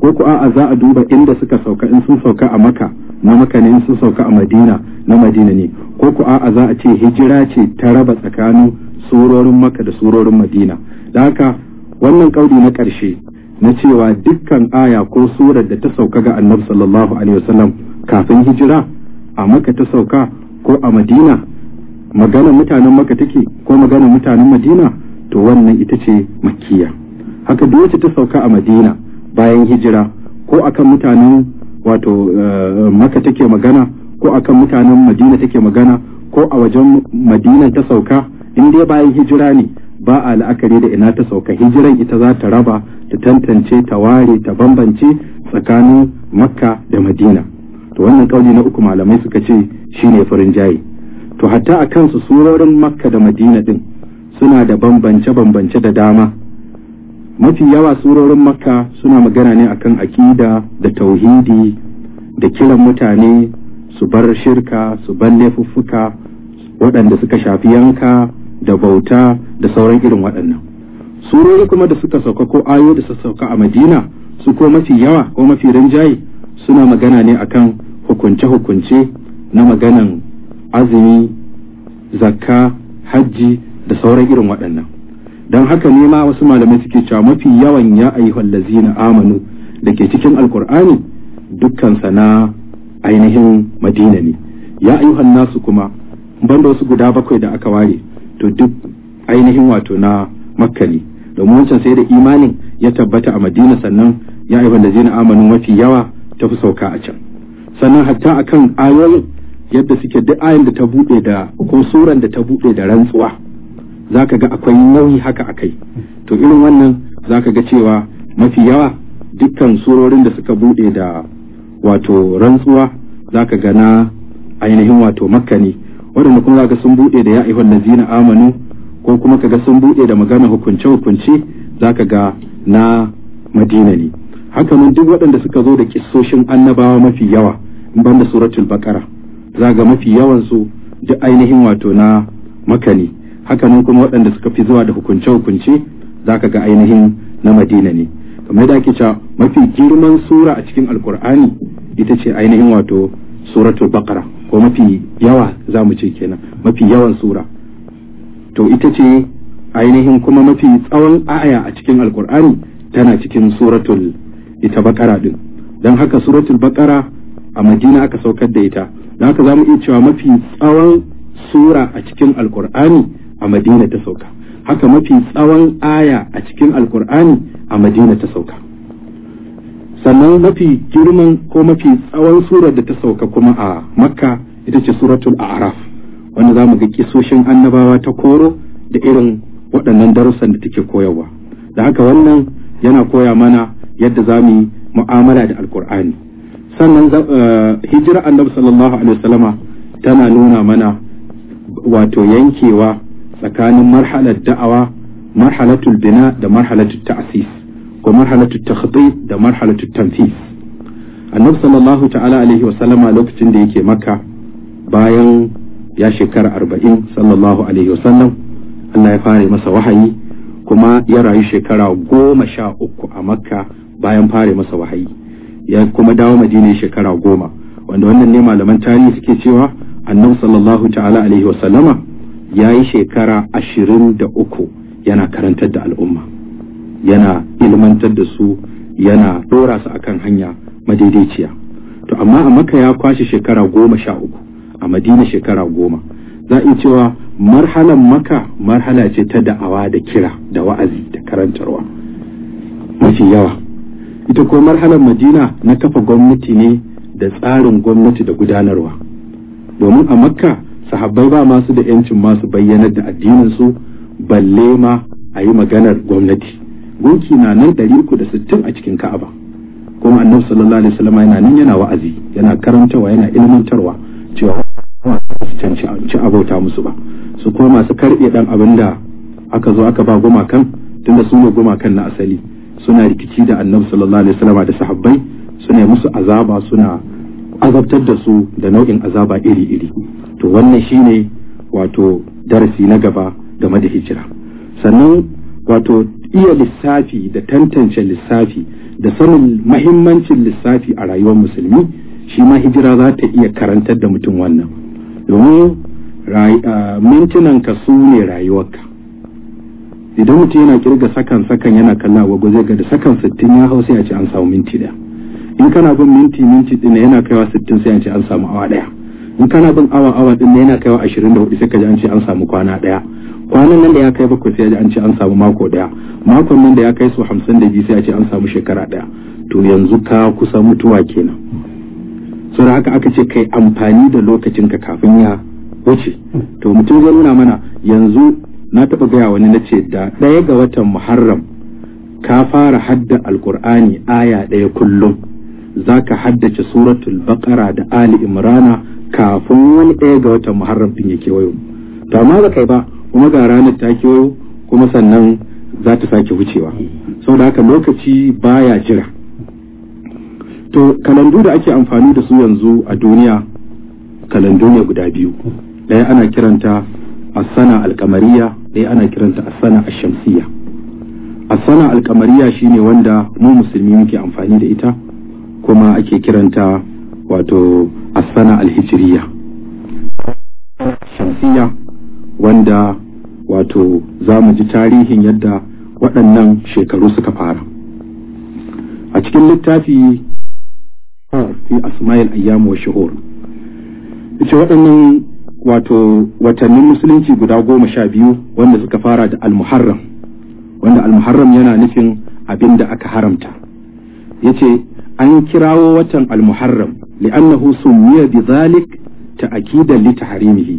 ko ku a'a za a duba inda suka sauka in sun sauka a maka na maka ne in sun sauka a madina na madina ne ko ku a'a za a ce hijira ce ta raba tsakanin surorin maka da surorin madina da haka wannan kauli na karshe na cewa dukkan aya ko surar da ta sauka ga annabi sallallahu alaihi wasallam kafin hijira a maka ta sauka ko a madina maganar mutanen maka take ko maganar mutanen madina to wannan ita ce makkiya haka duk wacce ta sauka a madina bayan hijira ko akan mutanen wato eh, maka take magana ko akan mutanen madina take magana ko a wajen madina ta sauka in dai bayan hijira ne ba a la'akari da ina ta sauka hijiran ita za ta raba ta tantance ta ware ta bambance tsakanin makka da madina to wannan kauli na uku malamai suka ce shine farin jayi to hatta a kansu surorin makka da madina din suna da bambance-bambance da dama mafi yawa surorin makka suna magana ne akan akida da tauhidi da kiran mutane su bar shirka su bar laifuffuka waɗanda suka shafi yanka da bauta da sauran irin waɗannan surori kuma da suka sauka ko ayo da suka sauka a madina su ko mafi yawa ko mafi rinjaye suna magana ne akan hukunce-hukunce na maganan azumi zakka hajji da sauran irin waɗannan don haka ne ma wasu malamai suke cewa mafi yawan ya ayyuhal na amanu da ke cikin alkur'ani dukkan sana ainihin madina ne ya ayyuhan nasu kuma banda wasu guda bakwai da aka ware to duk ainihin wato na makka ne domin wancan sai da imanin ya tabbata a madina sannan ya ayyuhan na amanu mafi yawa ta fi sauka a can sannan hatta akan ayoyin yadda suke duk ayin da ta buɗe da ko suran da ta buɗe da rantsuwa Za ka ga akwai nauyi haka a kai to irin wannan za ka ga cewa mafi yawa dukkan surorin da suka bude da wato rantsuwa ka ga na ainihin wato makka ne waɗanda kuma ga sun bude da ya na zina amanu ko kuma ka ga sun bude da magana hukunce hukunce za ka ga na madina ne haka nan duk waɗanda suka zo da kisoshin annabawa mafi yawa in banda suratul za ga mafi yawan su duk ainihin wato na makani haka nan kuma waɗanda suka fi zuwa da hukunce-hukunce ka ga ainihin na madina ne kamar yadda ake cewa mafi girman sura a cikin alkur'ani ita ce ainihin wato suratu bakara ko mafi yawa za mu ce kenan mafi yawan sura to ita ce ainihin kuma mafi tsawon aya a cikin alkur'ani tana cikin suratul ita bakara din don haka suratul bakara a madina aka saukar da ita don haka za mu iya cewa mafi tsawon sura a cikin alkur'ani a madina ta sauka haka mafi tsawon aya a cikin alkur'ani a madina ta sauka sannan mafi girman ko mafi tsawon surar da ta sauka kuma a makka ita ce suratul araf wanda za mu ga kisoshin annabawa ta koro da irin waɗannan darussan da take koyarwa da haka wannan yana koya mana yadda za mu yi mu'amala da alkur'ani sannan eh, hijira annabi sallallahu alaihi wasallama tana nuna mana wato yankewa tsakanin marhalar da'awa marhalatul bina da marhalatul ta'sis ko marhalatul takhdid da marhalatul tanfis annabi sallallahu ta'ala alaihi wa sallama lokacin da yake makka bayan ya shekara arba'in sallallahu alaihi wa sallam Allah ya fara masa wahayi kuma ya rayu shekara goma sha uku a makka bayan fara masa wahayi ya kuma dawo madina shekara goma wanda wannan ne malaman tarihi suke cewa annabi sallallahu ta'ala alaihi wa sallama ya yi shekara ashirin da uku yana karantar da al'umma yana ilmantar da su yana dora su akan hanya madaidaiciya to amma a maka ya kwashe shekara goma sha uku a madina shekara goma za a cewa marhalan maka marhala ce ta da'awa da kira da wa'azi da karantarwa mafi yawa ita ko marhalan madina na kafa gwamnati ne da tsarin gwamnati da gudanarwa domin a makka sahabbai ba masu da yancin masu bayyanar da addinin su balle ma a yi maganar gwamnati gunki na nan da sittin a cikin ka'aba kuma annabi sallallahu alaihi wasallam yana nan yana wa'azi yana karantawa yana ilmantarwa cewa su cancanci abauta musu ba su kuma masu karbe ɗan abin da aka zo aka ba gumakan tunda su ne gumakan na asali suna rikici da annabi sallallahu alaihi wasallam da sahabbai suna musu azaba suna azabtar da su da nau'in azaba iri-iri to wannan shine wato darasi na gaba game da hijira sannan wato iya lissafi da tantance lissafi da sanin mahimmancin lissafi a rayuwar musulmi shi ma hijira za ta iya karantar da mutum wannan domin mintunan ka su ne rayuwarka idan mutum yana kirga sakan sakan yana kallawa gwaje ga da sakan sittin ya hau sai a ce an samu minti da in kana bin minti minti din yana kaiwa sittin sai an ce an samu awa daya in kana bin awa awa din yana kaiwa ashirin da hudu sai ka ji an ce an samu kwana daya kwanan nan da ya kai bakwai sai ji an ce an samu mako daya makon nan da ya kai su hamsin da biyu sai ya ce an samu shekara daya to yanzu ka kusa mutuwa kenan saboda haka aka ce kai amfani da lokacinka kafin ya wuce to mutum zai nuna mana yanzu na taɓa gaya wani na ce da ɗaya ga watan muharram ka fara hadda alkur'ani aya ɗaya kullum zaka haddace suratul baqara da ali imrana kafin wani ɗaya ga watan muharram din ya kewayo to amma ba ba kuma ga ranar ta kewayo kuma sannan za ta sake wucewa saboda haka lokaci baya jira to kalandu da ake amfani da su yanzu a duniya kalandu ne guda biyu ɗaya ana kiranta asana alkamariya ɗaya ana kiranta asana ashamsiya asana alkamariya shine wanda mu musulmi muke amfani da ita kuma ake kiranta wato asana alhijiriya shamsiya wanda wato za mu ji tarihin yadda waɗannan shekaru suka fara a cikin littafi fi asma'il ayyamu wa shuhur ita waɗannan wato watannin musulunci guda goma sha biyu wanda suka fara da almuharram wanda almuharram yana nufin abin da aka haramta ya ce an kirawo watan al-muharram li'annahu sumiya zalik ta'kidan li tahrimihi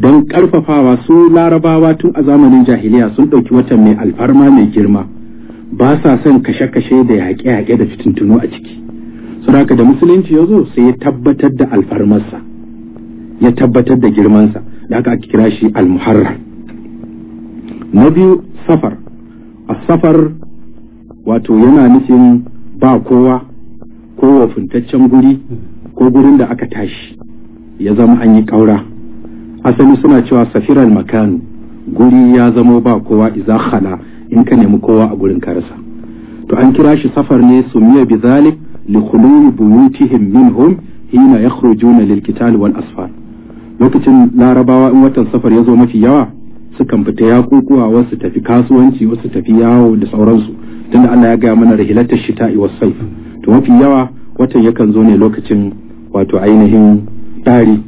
don karfafawa su larabawa tun a zamanin jahiliya sun ɗauki watan mai alfarma mai girma ba sa son kashe-kashe da yaƙe-yaƙe da fitintunu a ciki suraka da musulunci ya zo sai ya tabbatar da alfarmarsa ya tabbatar da girmansa da aka kira shi al na biyu safar a safar wato yana nufin ba kowa ko wafuntaccen guri ko gurin da aka tashi ya zama an yi kaura asali suna cewa safiran makan guri ya zama ba kowa iza khala in ka nemi kowa a gurin karasa to an kira shi safar ne miya bi zalik li khuluwi buyutihim minhum hina yakhrujuna lil qital wal asfar lokacin larabawa in watan safar ya zo mafi yawa sukan fita yakukuwa wasu tafi kasuwanci wasu tafi yawo da sauransu tunda Allah ya gaya mana rahilatar shita ta saif to mafi yawa watan yakan zo ne lokacin wato ainihin tari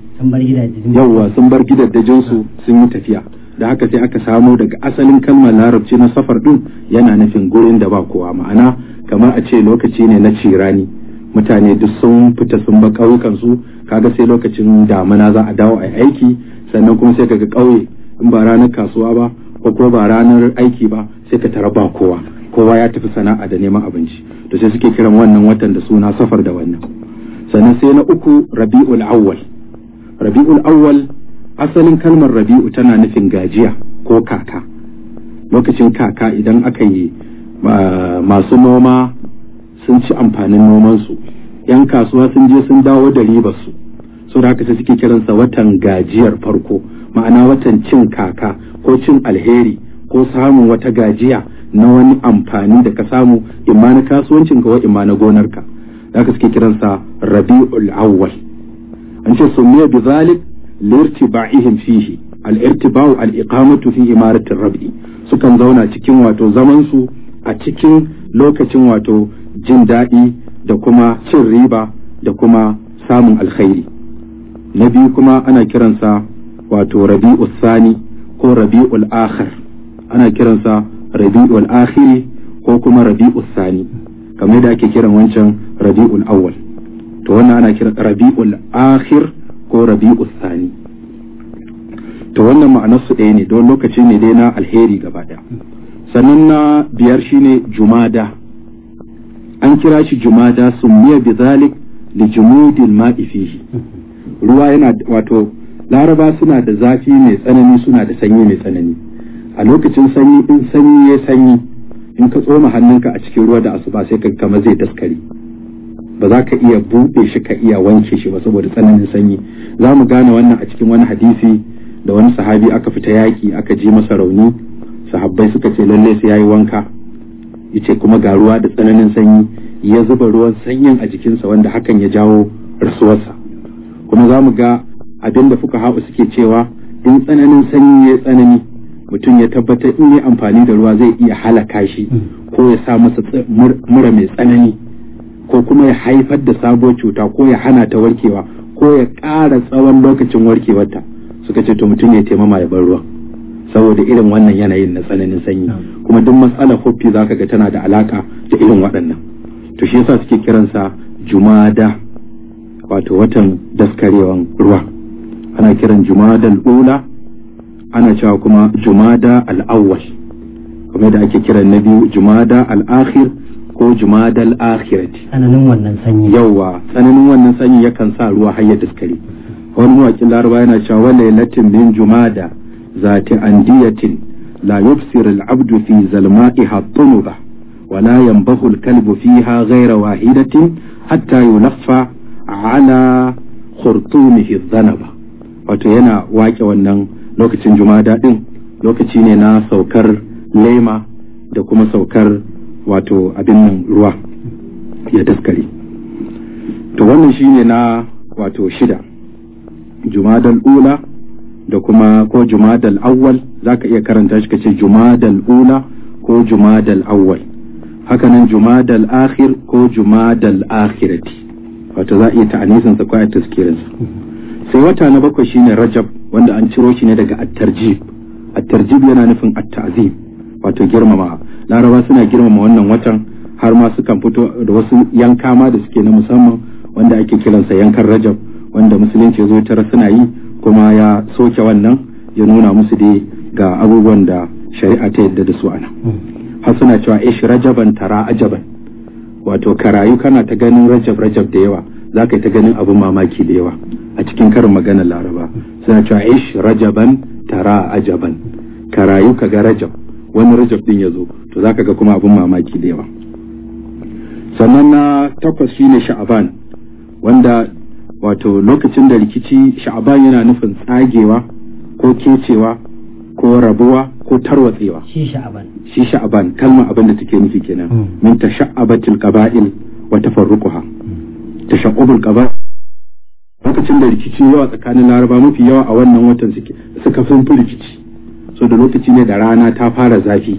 yawwa sun bar gidajen su sun yi tafiya da haka sai aka samu daga asalin kalmar larabci na safar din yana nufin gurin da ba kowa ma'ana kamar a ce lokaci ne na cirani mutane duk sun fita sun ba ƙauyukan su kaga sai lokacin damana za a dawo a aiki sannan kuma sai kaga kauye in ba ranar kasuwa ba ko ko ba ranar aiki ba sai ka tara ba kowa kowa ya tafi sana'a da neman abinci to sai suke kiran wannan watan da suna safar da wannan sannan sai na uku rabi'ul awwal rabi'ul awwal asalin kalmar rabi'u tana nufin gajiya ko kaka lokacin kaka idan aka yi masu noma sun ci amfanin noman su 'yan kasuwa sun je sun dawo da ribar su. saboda aka sai suke kiransa watan gajiyar farko ma'ana watan cin kaka ko cin alheri ko samun wata gajiya na wani amfani da ka samu imanin kasuwancinka wa imanin gonarka da haka suke kiransa rabi'ul awwal an ce sumiya bi zalik lirtiba'ihim fihi al-irtiba'u al-iqamatu fi imarati rabi sukan zauna cikin wato zaman su a cikin lokacin wato jin daɗi da kuma cin riba da kuma samun alkhairi na biyu kuma ana kiransa wato rabi'ul sani ko rabi'ul akhir ana kiransa rabi'ul akhiri ko kuma rabi'ul sani kamar da ake kiran wancan rabi'ul awwal to wannan ana kiran rabi'ul akhir ko rabi'ul sani to wannan ma'anar su ɗaya ne don lokaci ne dai na alheri gaba ɗaya sannan na biyar shine jumada an kira shi jumada summiya bi zalik li jumudil ma'i fihi ruwa yana wato laraba suna da zafi mai tsanani suna da sanyi mai tsanani a lokacin sanyi in sanyi ya sanyi in ka tsoma hannunka a cikin ruwa da asuba sai ka kama zai daskare ba za ka iya buɗe shi ka iya wanke shi ba saboda tsananin sanyi za mu gane wannan a cikin wani hadisi da wani sahabi aka fita yaki aka ji masa rauni sahabbai suka ce lalle sai yayi wanka yace kuma ga ruwa da tsananin sanyi ya zuba ruwan sanyin a jikinsa wanda hakan ya jawo rasuwarsa kuma za mu ga abin da fuka ha'u suke cewa in tsananin sanyi ya tsanani mutum ya tabbatar in yi amfani da ruwa zai iya halaka shi ko ya sa masa mura mai tsanani ko kuma ya haifar da sabuwar cuta ko ya hana ta warkewa ko ya ƙara tsawon lokacin warkewarta suka ce to mutum ya taimama ya bar ruwa saboda irin wannan yanayin na tsananin sanyi kuma duk matsalar hoppi zaka ga tana da alaka da irin waɗannan to shi yasa suke kiransa jumada wato watan daskarewan ruwa ana kiran jumada al'ula ana cewa kuma jumada al'awwal kuma da ake kiran na biyu jumada al'akhir ko jumada al'akhirati tsananin wannan sanyi yawa tsananin wannan sanyi yakan sa ruwa har ya daskare wani mawakin laraba yana cewa wala latin bin jumada zati andiyatin la yubsir al'abdu fi zalma'iha tunuba yanbahu al الكلب fiha ghayra wahidatin hatta yunaffa ala khurtumihi zanaba wato yana wake wannan lokacin juma'a din lokaci ne na saukar lema da kuma saukar wato abin nan ruwa ya daskare to wannan shine na wato shida jumadal ula da kuma ko jumadal awwal zaka iya karanta shi kace jumadal ula ko jumadal awwal hakanan jumadal akhir ko jumadal akhirati wato za a iya ta'anisin sa ko a su sai wata na bakwai shine rajab wanda an ciro shi ne daga attarjib attarjib yana nufin attazim wato girmama laraba suna girmama wannan watan har ma kan fito da wasu yanka ma da suke na musamman wanda ake kiransa yankan rajab wanda musulunci ya zo tara suna yi kuma ya soke wannan ya nuna musu dai ga abubuwan da shari'a ta yadda da su ana har suna cewa ish rajaban tara ajaban wato karayu kana ta ganin rajab rajab da yawa za ka yi ta ganin abin mamaki da yawa a cikin karin magana laraba suna cewa ish rajaban tara ajaban karayu ka ga rajab wani rajab din ya zo to za ka ga kuma abin mamaki da yawa sannan na takwas shine sha'aban wanda wato lokacin da rikici sha'aban yana nufin tsagewa ko kecewa ko rabuwa ko tarwatsewa shi sha'aban shi kalma abin da take nufi kenan hmm. min tasha'abatil qaba'il wa tafarruquha hmm. tashaqqubul qaba'il lokacin da rikici yawa tsakanin laraba mafi yawa a wannan watan suke suka fi rikici so da lokaci ne da rana ta fara zafi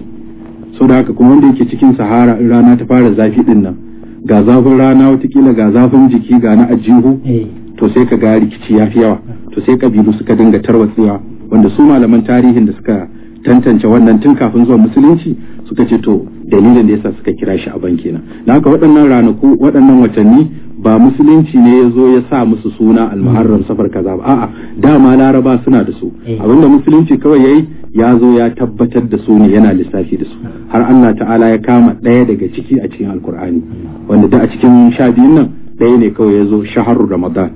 so da haka kuma wanda yake cikin sahara in rana ta fara zafi din nan ga zafin rana watakila ga zafin jiki ga na ajihu eh. to sai ka ga rikici ya fi yawa to sai kabilu suka dinga tarwatsewa wanda su malaman tarihin da suka tantance wannan tun kafin zuwa musulunci suka ce to dalilin da yasa suka kira shi a banki na haka waɗannan ranaku waɗannan watanni ba musulunci ne ya zo ya sa musu suna almuharram safar kaza ba a'a dama laraba suna da su eh. abinda musulunci kawai yayi ya zo ya tabbatar da su ne yana lissafi da su har Allah ta'ala ya kama ɗaya daga ciki a cikin alkur'ani wanda da a cikin sha biyun nan ɗaya ne kawai ya zo shaharu ramadan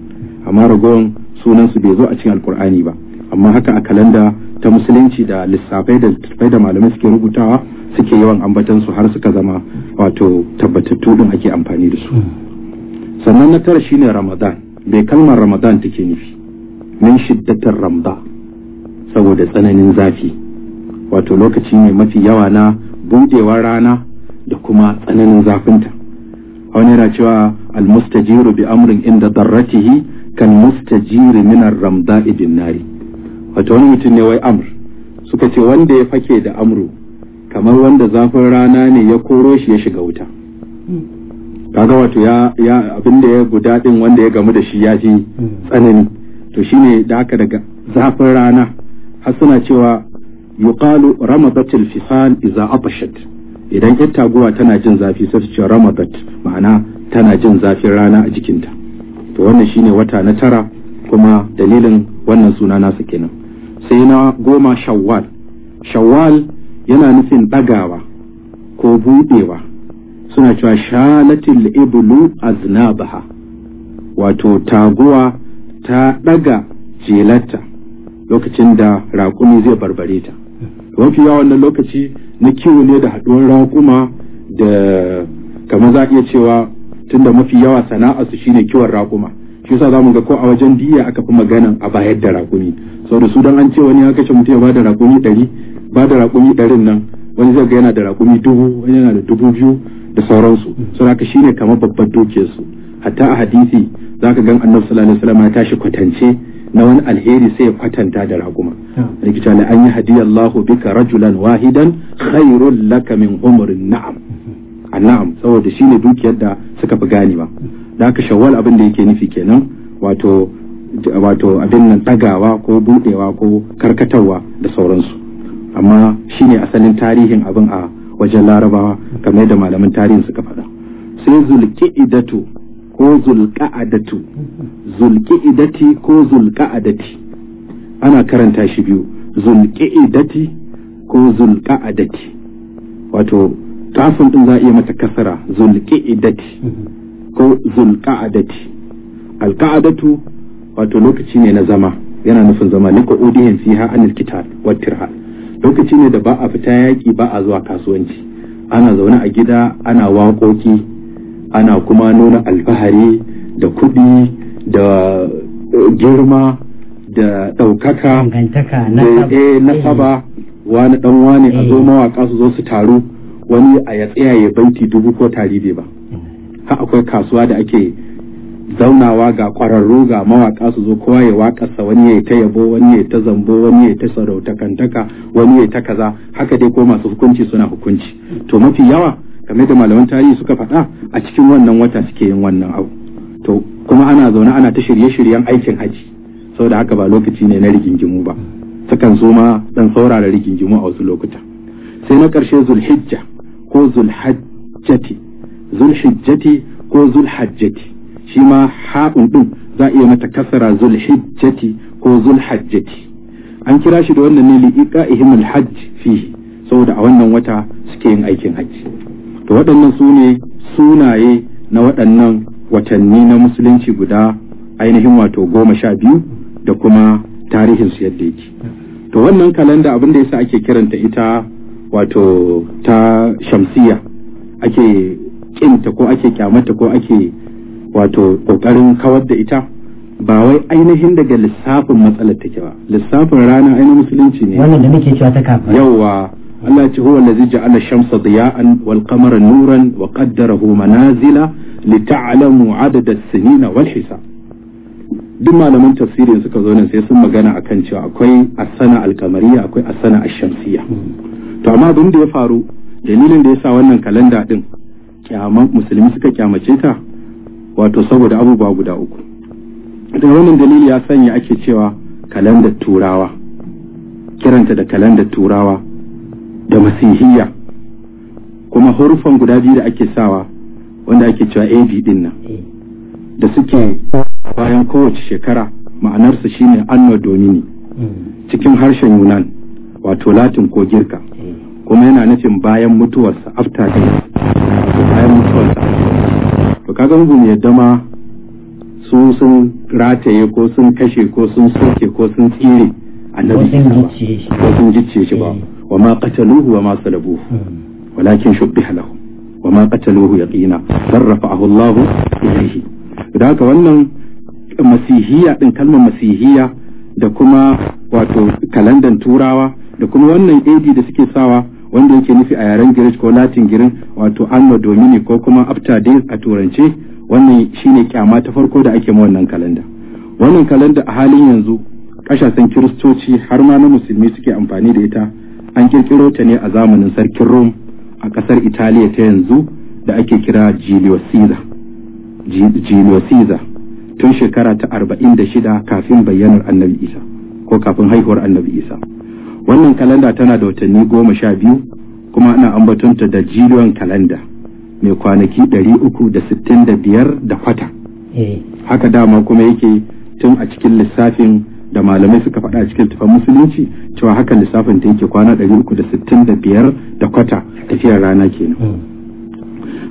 amma ragon sunan su bai zo a cikin alkur'ani ba amma haka a kalanda ta musulunci da lissafai da littattafai da malamai suke rubutawa suke yawan ambatan su har suka zama wato tabbatattu din ake amfani da su sannan na tara shine ramadan bai kalmar ramadan take nufi min shiddatar ramda saboda tsananin zafi wato lokaci ne mafi yawa na budewar rana da kuma tsananin zafinta wani yana cewa almustajiru bi amrin inda darratihi kan mustajiri minar ramda ibin nari wato wani mutum ne wai amr suka ce wanda ya fake da amru kamar wanda zafin rana ne ya koro shi ya shiga wuta kaga wato ya ya abinda ya guda din wanda ya gamu da shi ya ji tsanani to shine da haka daga zafin rana har suna cewa yuqalu ramadatil fisal iza atashat idan ita taguwa tana jin zafi sai su ce ramadat ma'ana tana jin zafin rana a jikinta to wannan shine wata na tara kuma dalilin wannan suna nasa kenan sai na goma shawwal shawwal yana nufin ɗagawa ko buɗewa suna cewa shalatil iblu aznabaha wato taguwa ta ɗaga jelata lokacin da raƙumi zai barbare ta mafi yawa wannan lokaci na kiwo ne da haɗuwar raƙuma da kamar za iya cewa tunda mafi yawa sana'a su shine kiwon raƙuma shi yasa zamu ga ko a wajen diya aka fi magana a bayar da rakumi saboda su dan an ce wani ya kashe mutum ya bada rakuni 100 bada rakumi ɗarin nan wani zai ga yana da rakumi dubu wani yana da dubu biyu da sauransu saboda haka shine kamar babban dukiyarsu hatta a hadisi zaka gan annabi sallallahu alaihi wasallam ya tashi kwatance na wani alheri sai ya kwatanta da raguma rikita la an yi hadiyallahu bika rajulan wahidan khairul laka min umrin na'am mm-hmm. annam saboda shine dukiyar da suka fi ganewa da aka shawwal abin da yake nufi kenan wato wato abin nan dagawa ko budewa ko karkatarwa da sauransu amma shine asalin tarihin abin a wajen larabawa kamar da malamin tarihin suka faɗa sai zulki'idatu ko zulqa'adatu zulki'idati ko zulqa'adati ana karanta shi biyu zulki'idati ko zulqa'adati wato kafin din za a iya mata kasara zulki'idati ko zulqa'adati wato lokaci ne na zama yana nufin zama ne ko odiyan fiha anil kitab wa lokaci ne da ba a fita yaki ba a zuwa kasuwanci ana zaune a gida ana waƙoƙi ana kuma nuna alfahari da kuɗi da eh, girma da ɗaukaka da eh, eh, nasaba wani ɗan wani a zo mawaƙa su zo su taru wani a ya tsaya ya baiti dubu ko tari ba har akwai kasuwa da ake zaunawa ga kwararru ga mawaka su zo kowa ya wakarsa wani ya ta yabo wani ya ta zambo wani ya ta sarautakantaka wani ya ta kaza haka dai ko masu hukunci suna hukunci to mafi yawa kamar da malaman tarihi suka faɗa a cikin wannan wata suke yin wannan abu to kuma ana zaune ana ta shirye-shiryen aikin haji saboda haka ba lokaci ne na rigingimu ba sukan zo ma dan saurara rigingimu a wasu lokuta sai na ƙarshe zulhijja ko zulhajjati zulhijjati ko zulhajjati shi ma haƙun ɗin za a iya mata kasara zulhijjati ko zulhajjati an kira shi da wannan ne liƙa ihimul hajj fihi saboda a wannan wata suke yin aikin hajji to waɗannan su ne sunaye na waɗannan watanni na musulunci guda ainihin wato goma sha biyu da kuma tarihinsu yadda yake to wannan kalanda abin da yasa ake kiranta ita wato ta shamsiya ake kinta ko ake kyamata ko ake wato kokarin kawar da ita ba wai ainihin daga lissafin matsalar take ba lissafin rana ainihin musulunci ne wannan da muke cewa ta kafa yawa Allah ya ce huwa allazi ja'ala shamsa diya'an wal qamara nuran wa qaddarahu manazila lita'lamu 'adada as-sinina wal hisab duk malaman tafsirin suka zo ne sai sun magana akan cewa akwai asana alkamariya akwai asana ash-shamsiyya to amma abin da ya faru dalilin da yasa wannan kalanda din kyaman musulmi suka kyamace ta wato saboda abubuwa guda uku da wannan dalili ya sanya ake cewa kalandar turawa kiranta da kalandar turawa da masihiyya kuma hurufan guda biyu da ake sawa wanda ake cewa av din nan da suke bayan kowace shekara ma'anarsa shine anno domini mm. cikin harshen yunan wato latin ko girka kuma yana nufin bayan mutuwarsa after death bayan mutuwarsa to kaga mu yadda ma su sun rataye ko sun kashe ko sun soke ko sun tsire annabi ko sun gicciye shi ba wa ma qataluhu wa ma salabuhu walakin shubbiha lahum wa ma qataluhu yaqina sarrafahu Allah ilayhi da haka wannan masihiya din kalmar masihiya da kuma wato kalandan turawa da kuma wannan AD da suke sawa wanda yake nufi a yaren Girish ko Latin Girin wato Anno Domini ko kuma after days a turance wannan shine kyama ta farko da ake ma wannan kalanda wannan kalanda a halin yanzu kashasan kiristoci har ma na musulmi suke amfani da ita an kirkiro ta ne a zamanin sarkin Rome a kasar Italiya ta yanzu da ake kira Julius Caesar Julius Caesar tun shekara ta 46 kafin bayyanar Annabi Isa ko kafin haihuwar Annabi Isa wannan kalanda tana da watanni goma sha biyu kuma ana ambatonta da jiliyon kalanda mai kwanaki ɗari uku da sittin da biyar da kwata eh. haka dama kuma yake tun a cikin lissafin da malamai suka faɗa a cikin tufan musulunci cewa haka lissafin ta yake kwana ɗari uku da sittin da biyar da kwata tafiyar rana kenan hmm.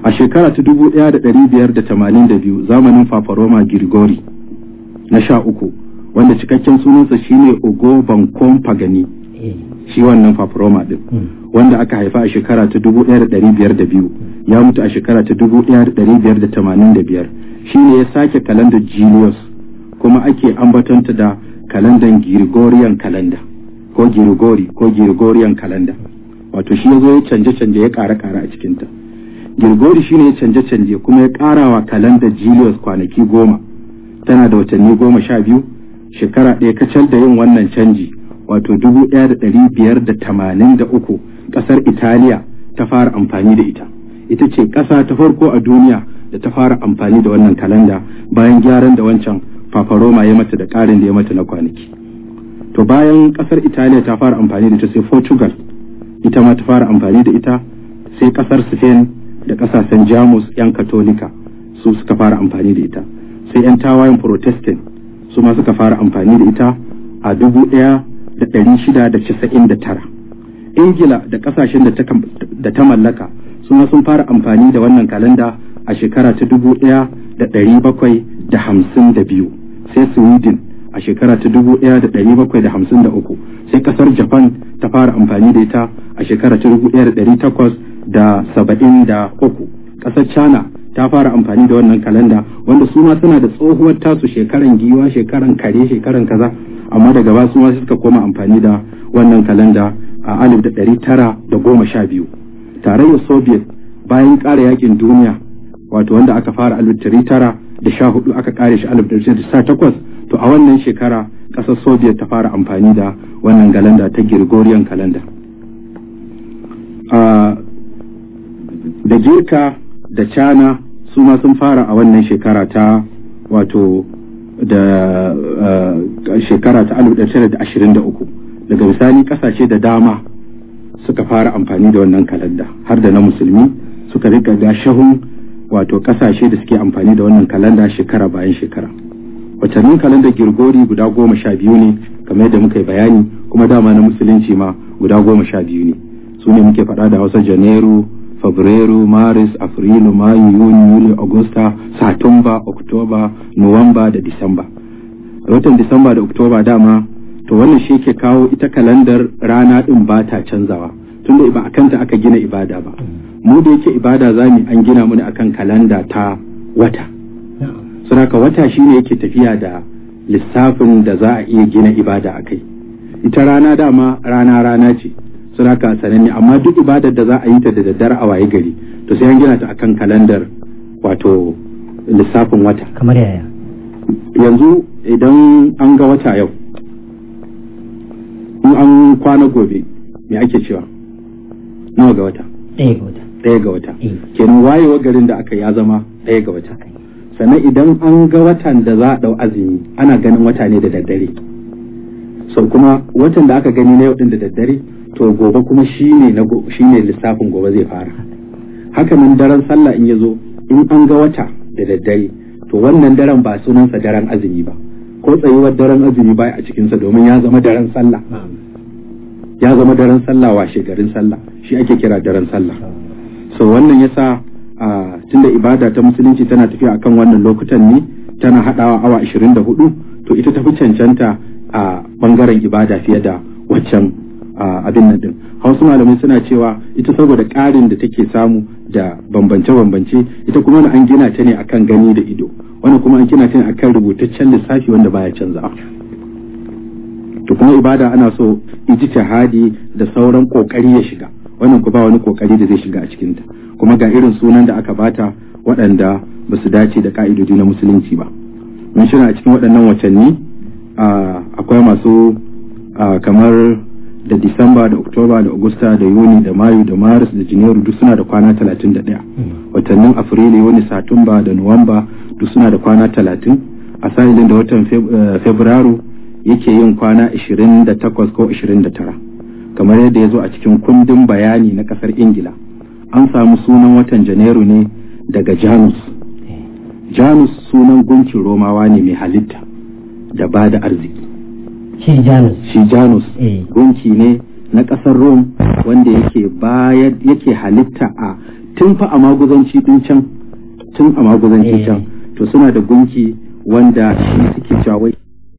a shekara ta dubu ɗaya da ɗari biyar da tamanin da biyu zamanin fafaroma girgori na sha uku wanda cikakken sunansa shine ogo bankon pagani shi wannan faforoma din wanda aka haifa a shekara ta 1502 ya mutu a shekara ta 1585 shi ne ya sake kalandar julius kuma ake ambatanta da kalandar gregorian kalanda ko grigori ko gregorian kalanda wato shi ya zo ya canje-canje ya kara kara a cikinta girgori ne ya canje-canje kuma ya wa kalandar julius kwanaki goma tana da watanni goma sha biyu shekara ɗaya kacal da yin wannan canji wato dubu ɗaya da ɗari biyar da tamanin da uku ƙasar italiya ta fara amfani da ita ita ce ƙasa ta farko a duniya da ta fara amfani da wannan kalanda bayan gyaran da wancan fafaroma ya mata da ƙarin da ya mata na kwanaki to bayan ƙasar italiya ta fara amfani da ita sai portugal ita ma ta fara amfani da ita sai ƙasar spain da ƙasashen jamus 'yan katolika su suka fara amfani da ita sai 'yan tawayen protestant su ma suka fara amfani da ita a dubu ɗaya da ɗari shida da casa'in da tara ingila da ƙasashen da ta mallaka suna sun fara amfani da wannan kalanda a shekara ta dubu ɗaya da ɗari bakwai da hamsin da biyu sai sweden a shekara ta dubu ɗaya da ɗari bakwai da hamsin da uku sai ƙasar japan ta fara amfani da ita a shekara ta dubu ɗaya da ɗari takwas da saba'in da uku ƙasar china ta fara amfani da wannan kalanda wanda su ma suna da tsohuwar tasu shekaran giwa shekaran kare shekaran kaza amma daga ba su ma suka koma amfani da wannan kalanda a alif da da goma sha biyu tarayyar soviet bayan ƙara yakin duniya wato wanda aka fara alif ɗari tara da sha hudu aka ƙare shi alif da takwas to a wannan shekara ƙasar soviet ta fara amfani da wannan kalanda ta gregorian kalanda ah, da Girka. da cana su ma sun fara a wannan shekara ta wato da eh, shekara ta 1923 daga misali kasashe da dama suka fara amfani da wannan kalanda har da na musulmi suka rika gashahun wato kasashe da suke amfani da wannan kalanda shekara bayan shekara watannin kalanda girgori guda goma sha biyu ne kamar yadda muka yi bayani kuma dama na musulunci ma guda goma sha biyu ne su ne muke faɗa da hausa janairu fabrairu maris afrilu mayu yuni yuli agusta satumba oktoba nuwamba da disamba watan disamba da oktoba dama to wannan shi ke kawo ita kalandar rana din ba ta canzawa tunda ba kanta aka gina ibada ba mu da yake ibada za mu an gina mu akan kalanda ta wata suraka wata shine yake tafiya da lissafin da za a iya gina ibada akai ita rana dama rana rana ce kira ka sananne amma duk ibadar da za a yi ta da daddare a waye gari to sai an gina ta akan kalandar wato lissafin wata kamar yaya yanzu idan an ga wata yau in an kwana gobe me ake cewa nawa ga wata ɗaya ga wata eh. kenan wayewa garin da aka ya zama ɗaya ga wata sannan idan an ga watan da za a ɗau azumi ana ganin wata ne da daddare sau kuma watan da aka gani na yau ɗin da daddare to gobe kuma shine na shine lissafin gobe zai fara haka nan daren sallah in yazo in an ga wata da daddare to wannan daren ba sunan sa daren azumi ba ko tsayuwar daren azumi baya a cikinsa domin ya zama daren sallah ya zama daren sallah wa shekarun sallah shi ake kira daren sallah so wannan yasa a tunda ibada ta musulunci tana tafiya akan wannan lokutan ne tana hadawa awa 24 to ita tafi cancanta a bangaren ibada fiye da waccan abin nan din hausa malamai suna cewa ita saboda karin da take samu da bambance-bambance ita kuma an gina ta ne akan gani da ido wani kuma an gina ta ne akan rubutaccen lissafi wanda baya canza to kuma ibada ana so tahadi da sauran kokari ya shiga wannan ku ba wani kokari da zai shiga a cikin ta kuma ga irin sunan da aka bata waɗanda ba su dace da ka'idodi na musulunci ba mun shirya a cikin waɗannan watanni akwai masu kamar da disamba da oktoba da agusta da yuni da mayu da maris da janairu duk suna da kwana 31 hmm. watannin afrilu yuni satumba da nuwamba duk suna da kwana 30 a sa'ilin da watan fabrairu eh, yake yin kwana 28 ko 29 kamar yadda ya zo a cikin kundin bayani na kasar ingila an samu sunan watan janairu ne daga janus hmm. janus sunan gunkin romawa ne mai halitta da ba da arziki shi janus eh. gunki ne na ƙasar rome wanda yake bayar yake halitta a tun fa a maguzanci din can tun a maguzanci eh. can to suna da gunki wanda shi suke jawai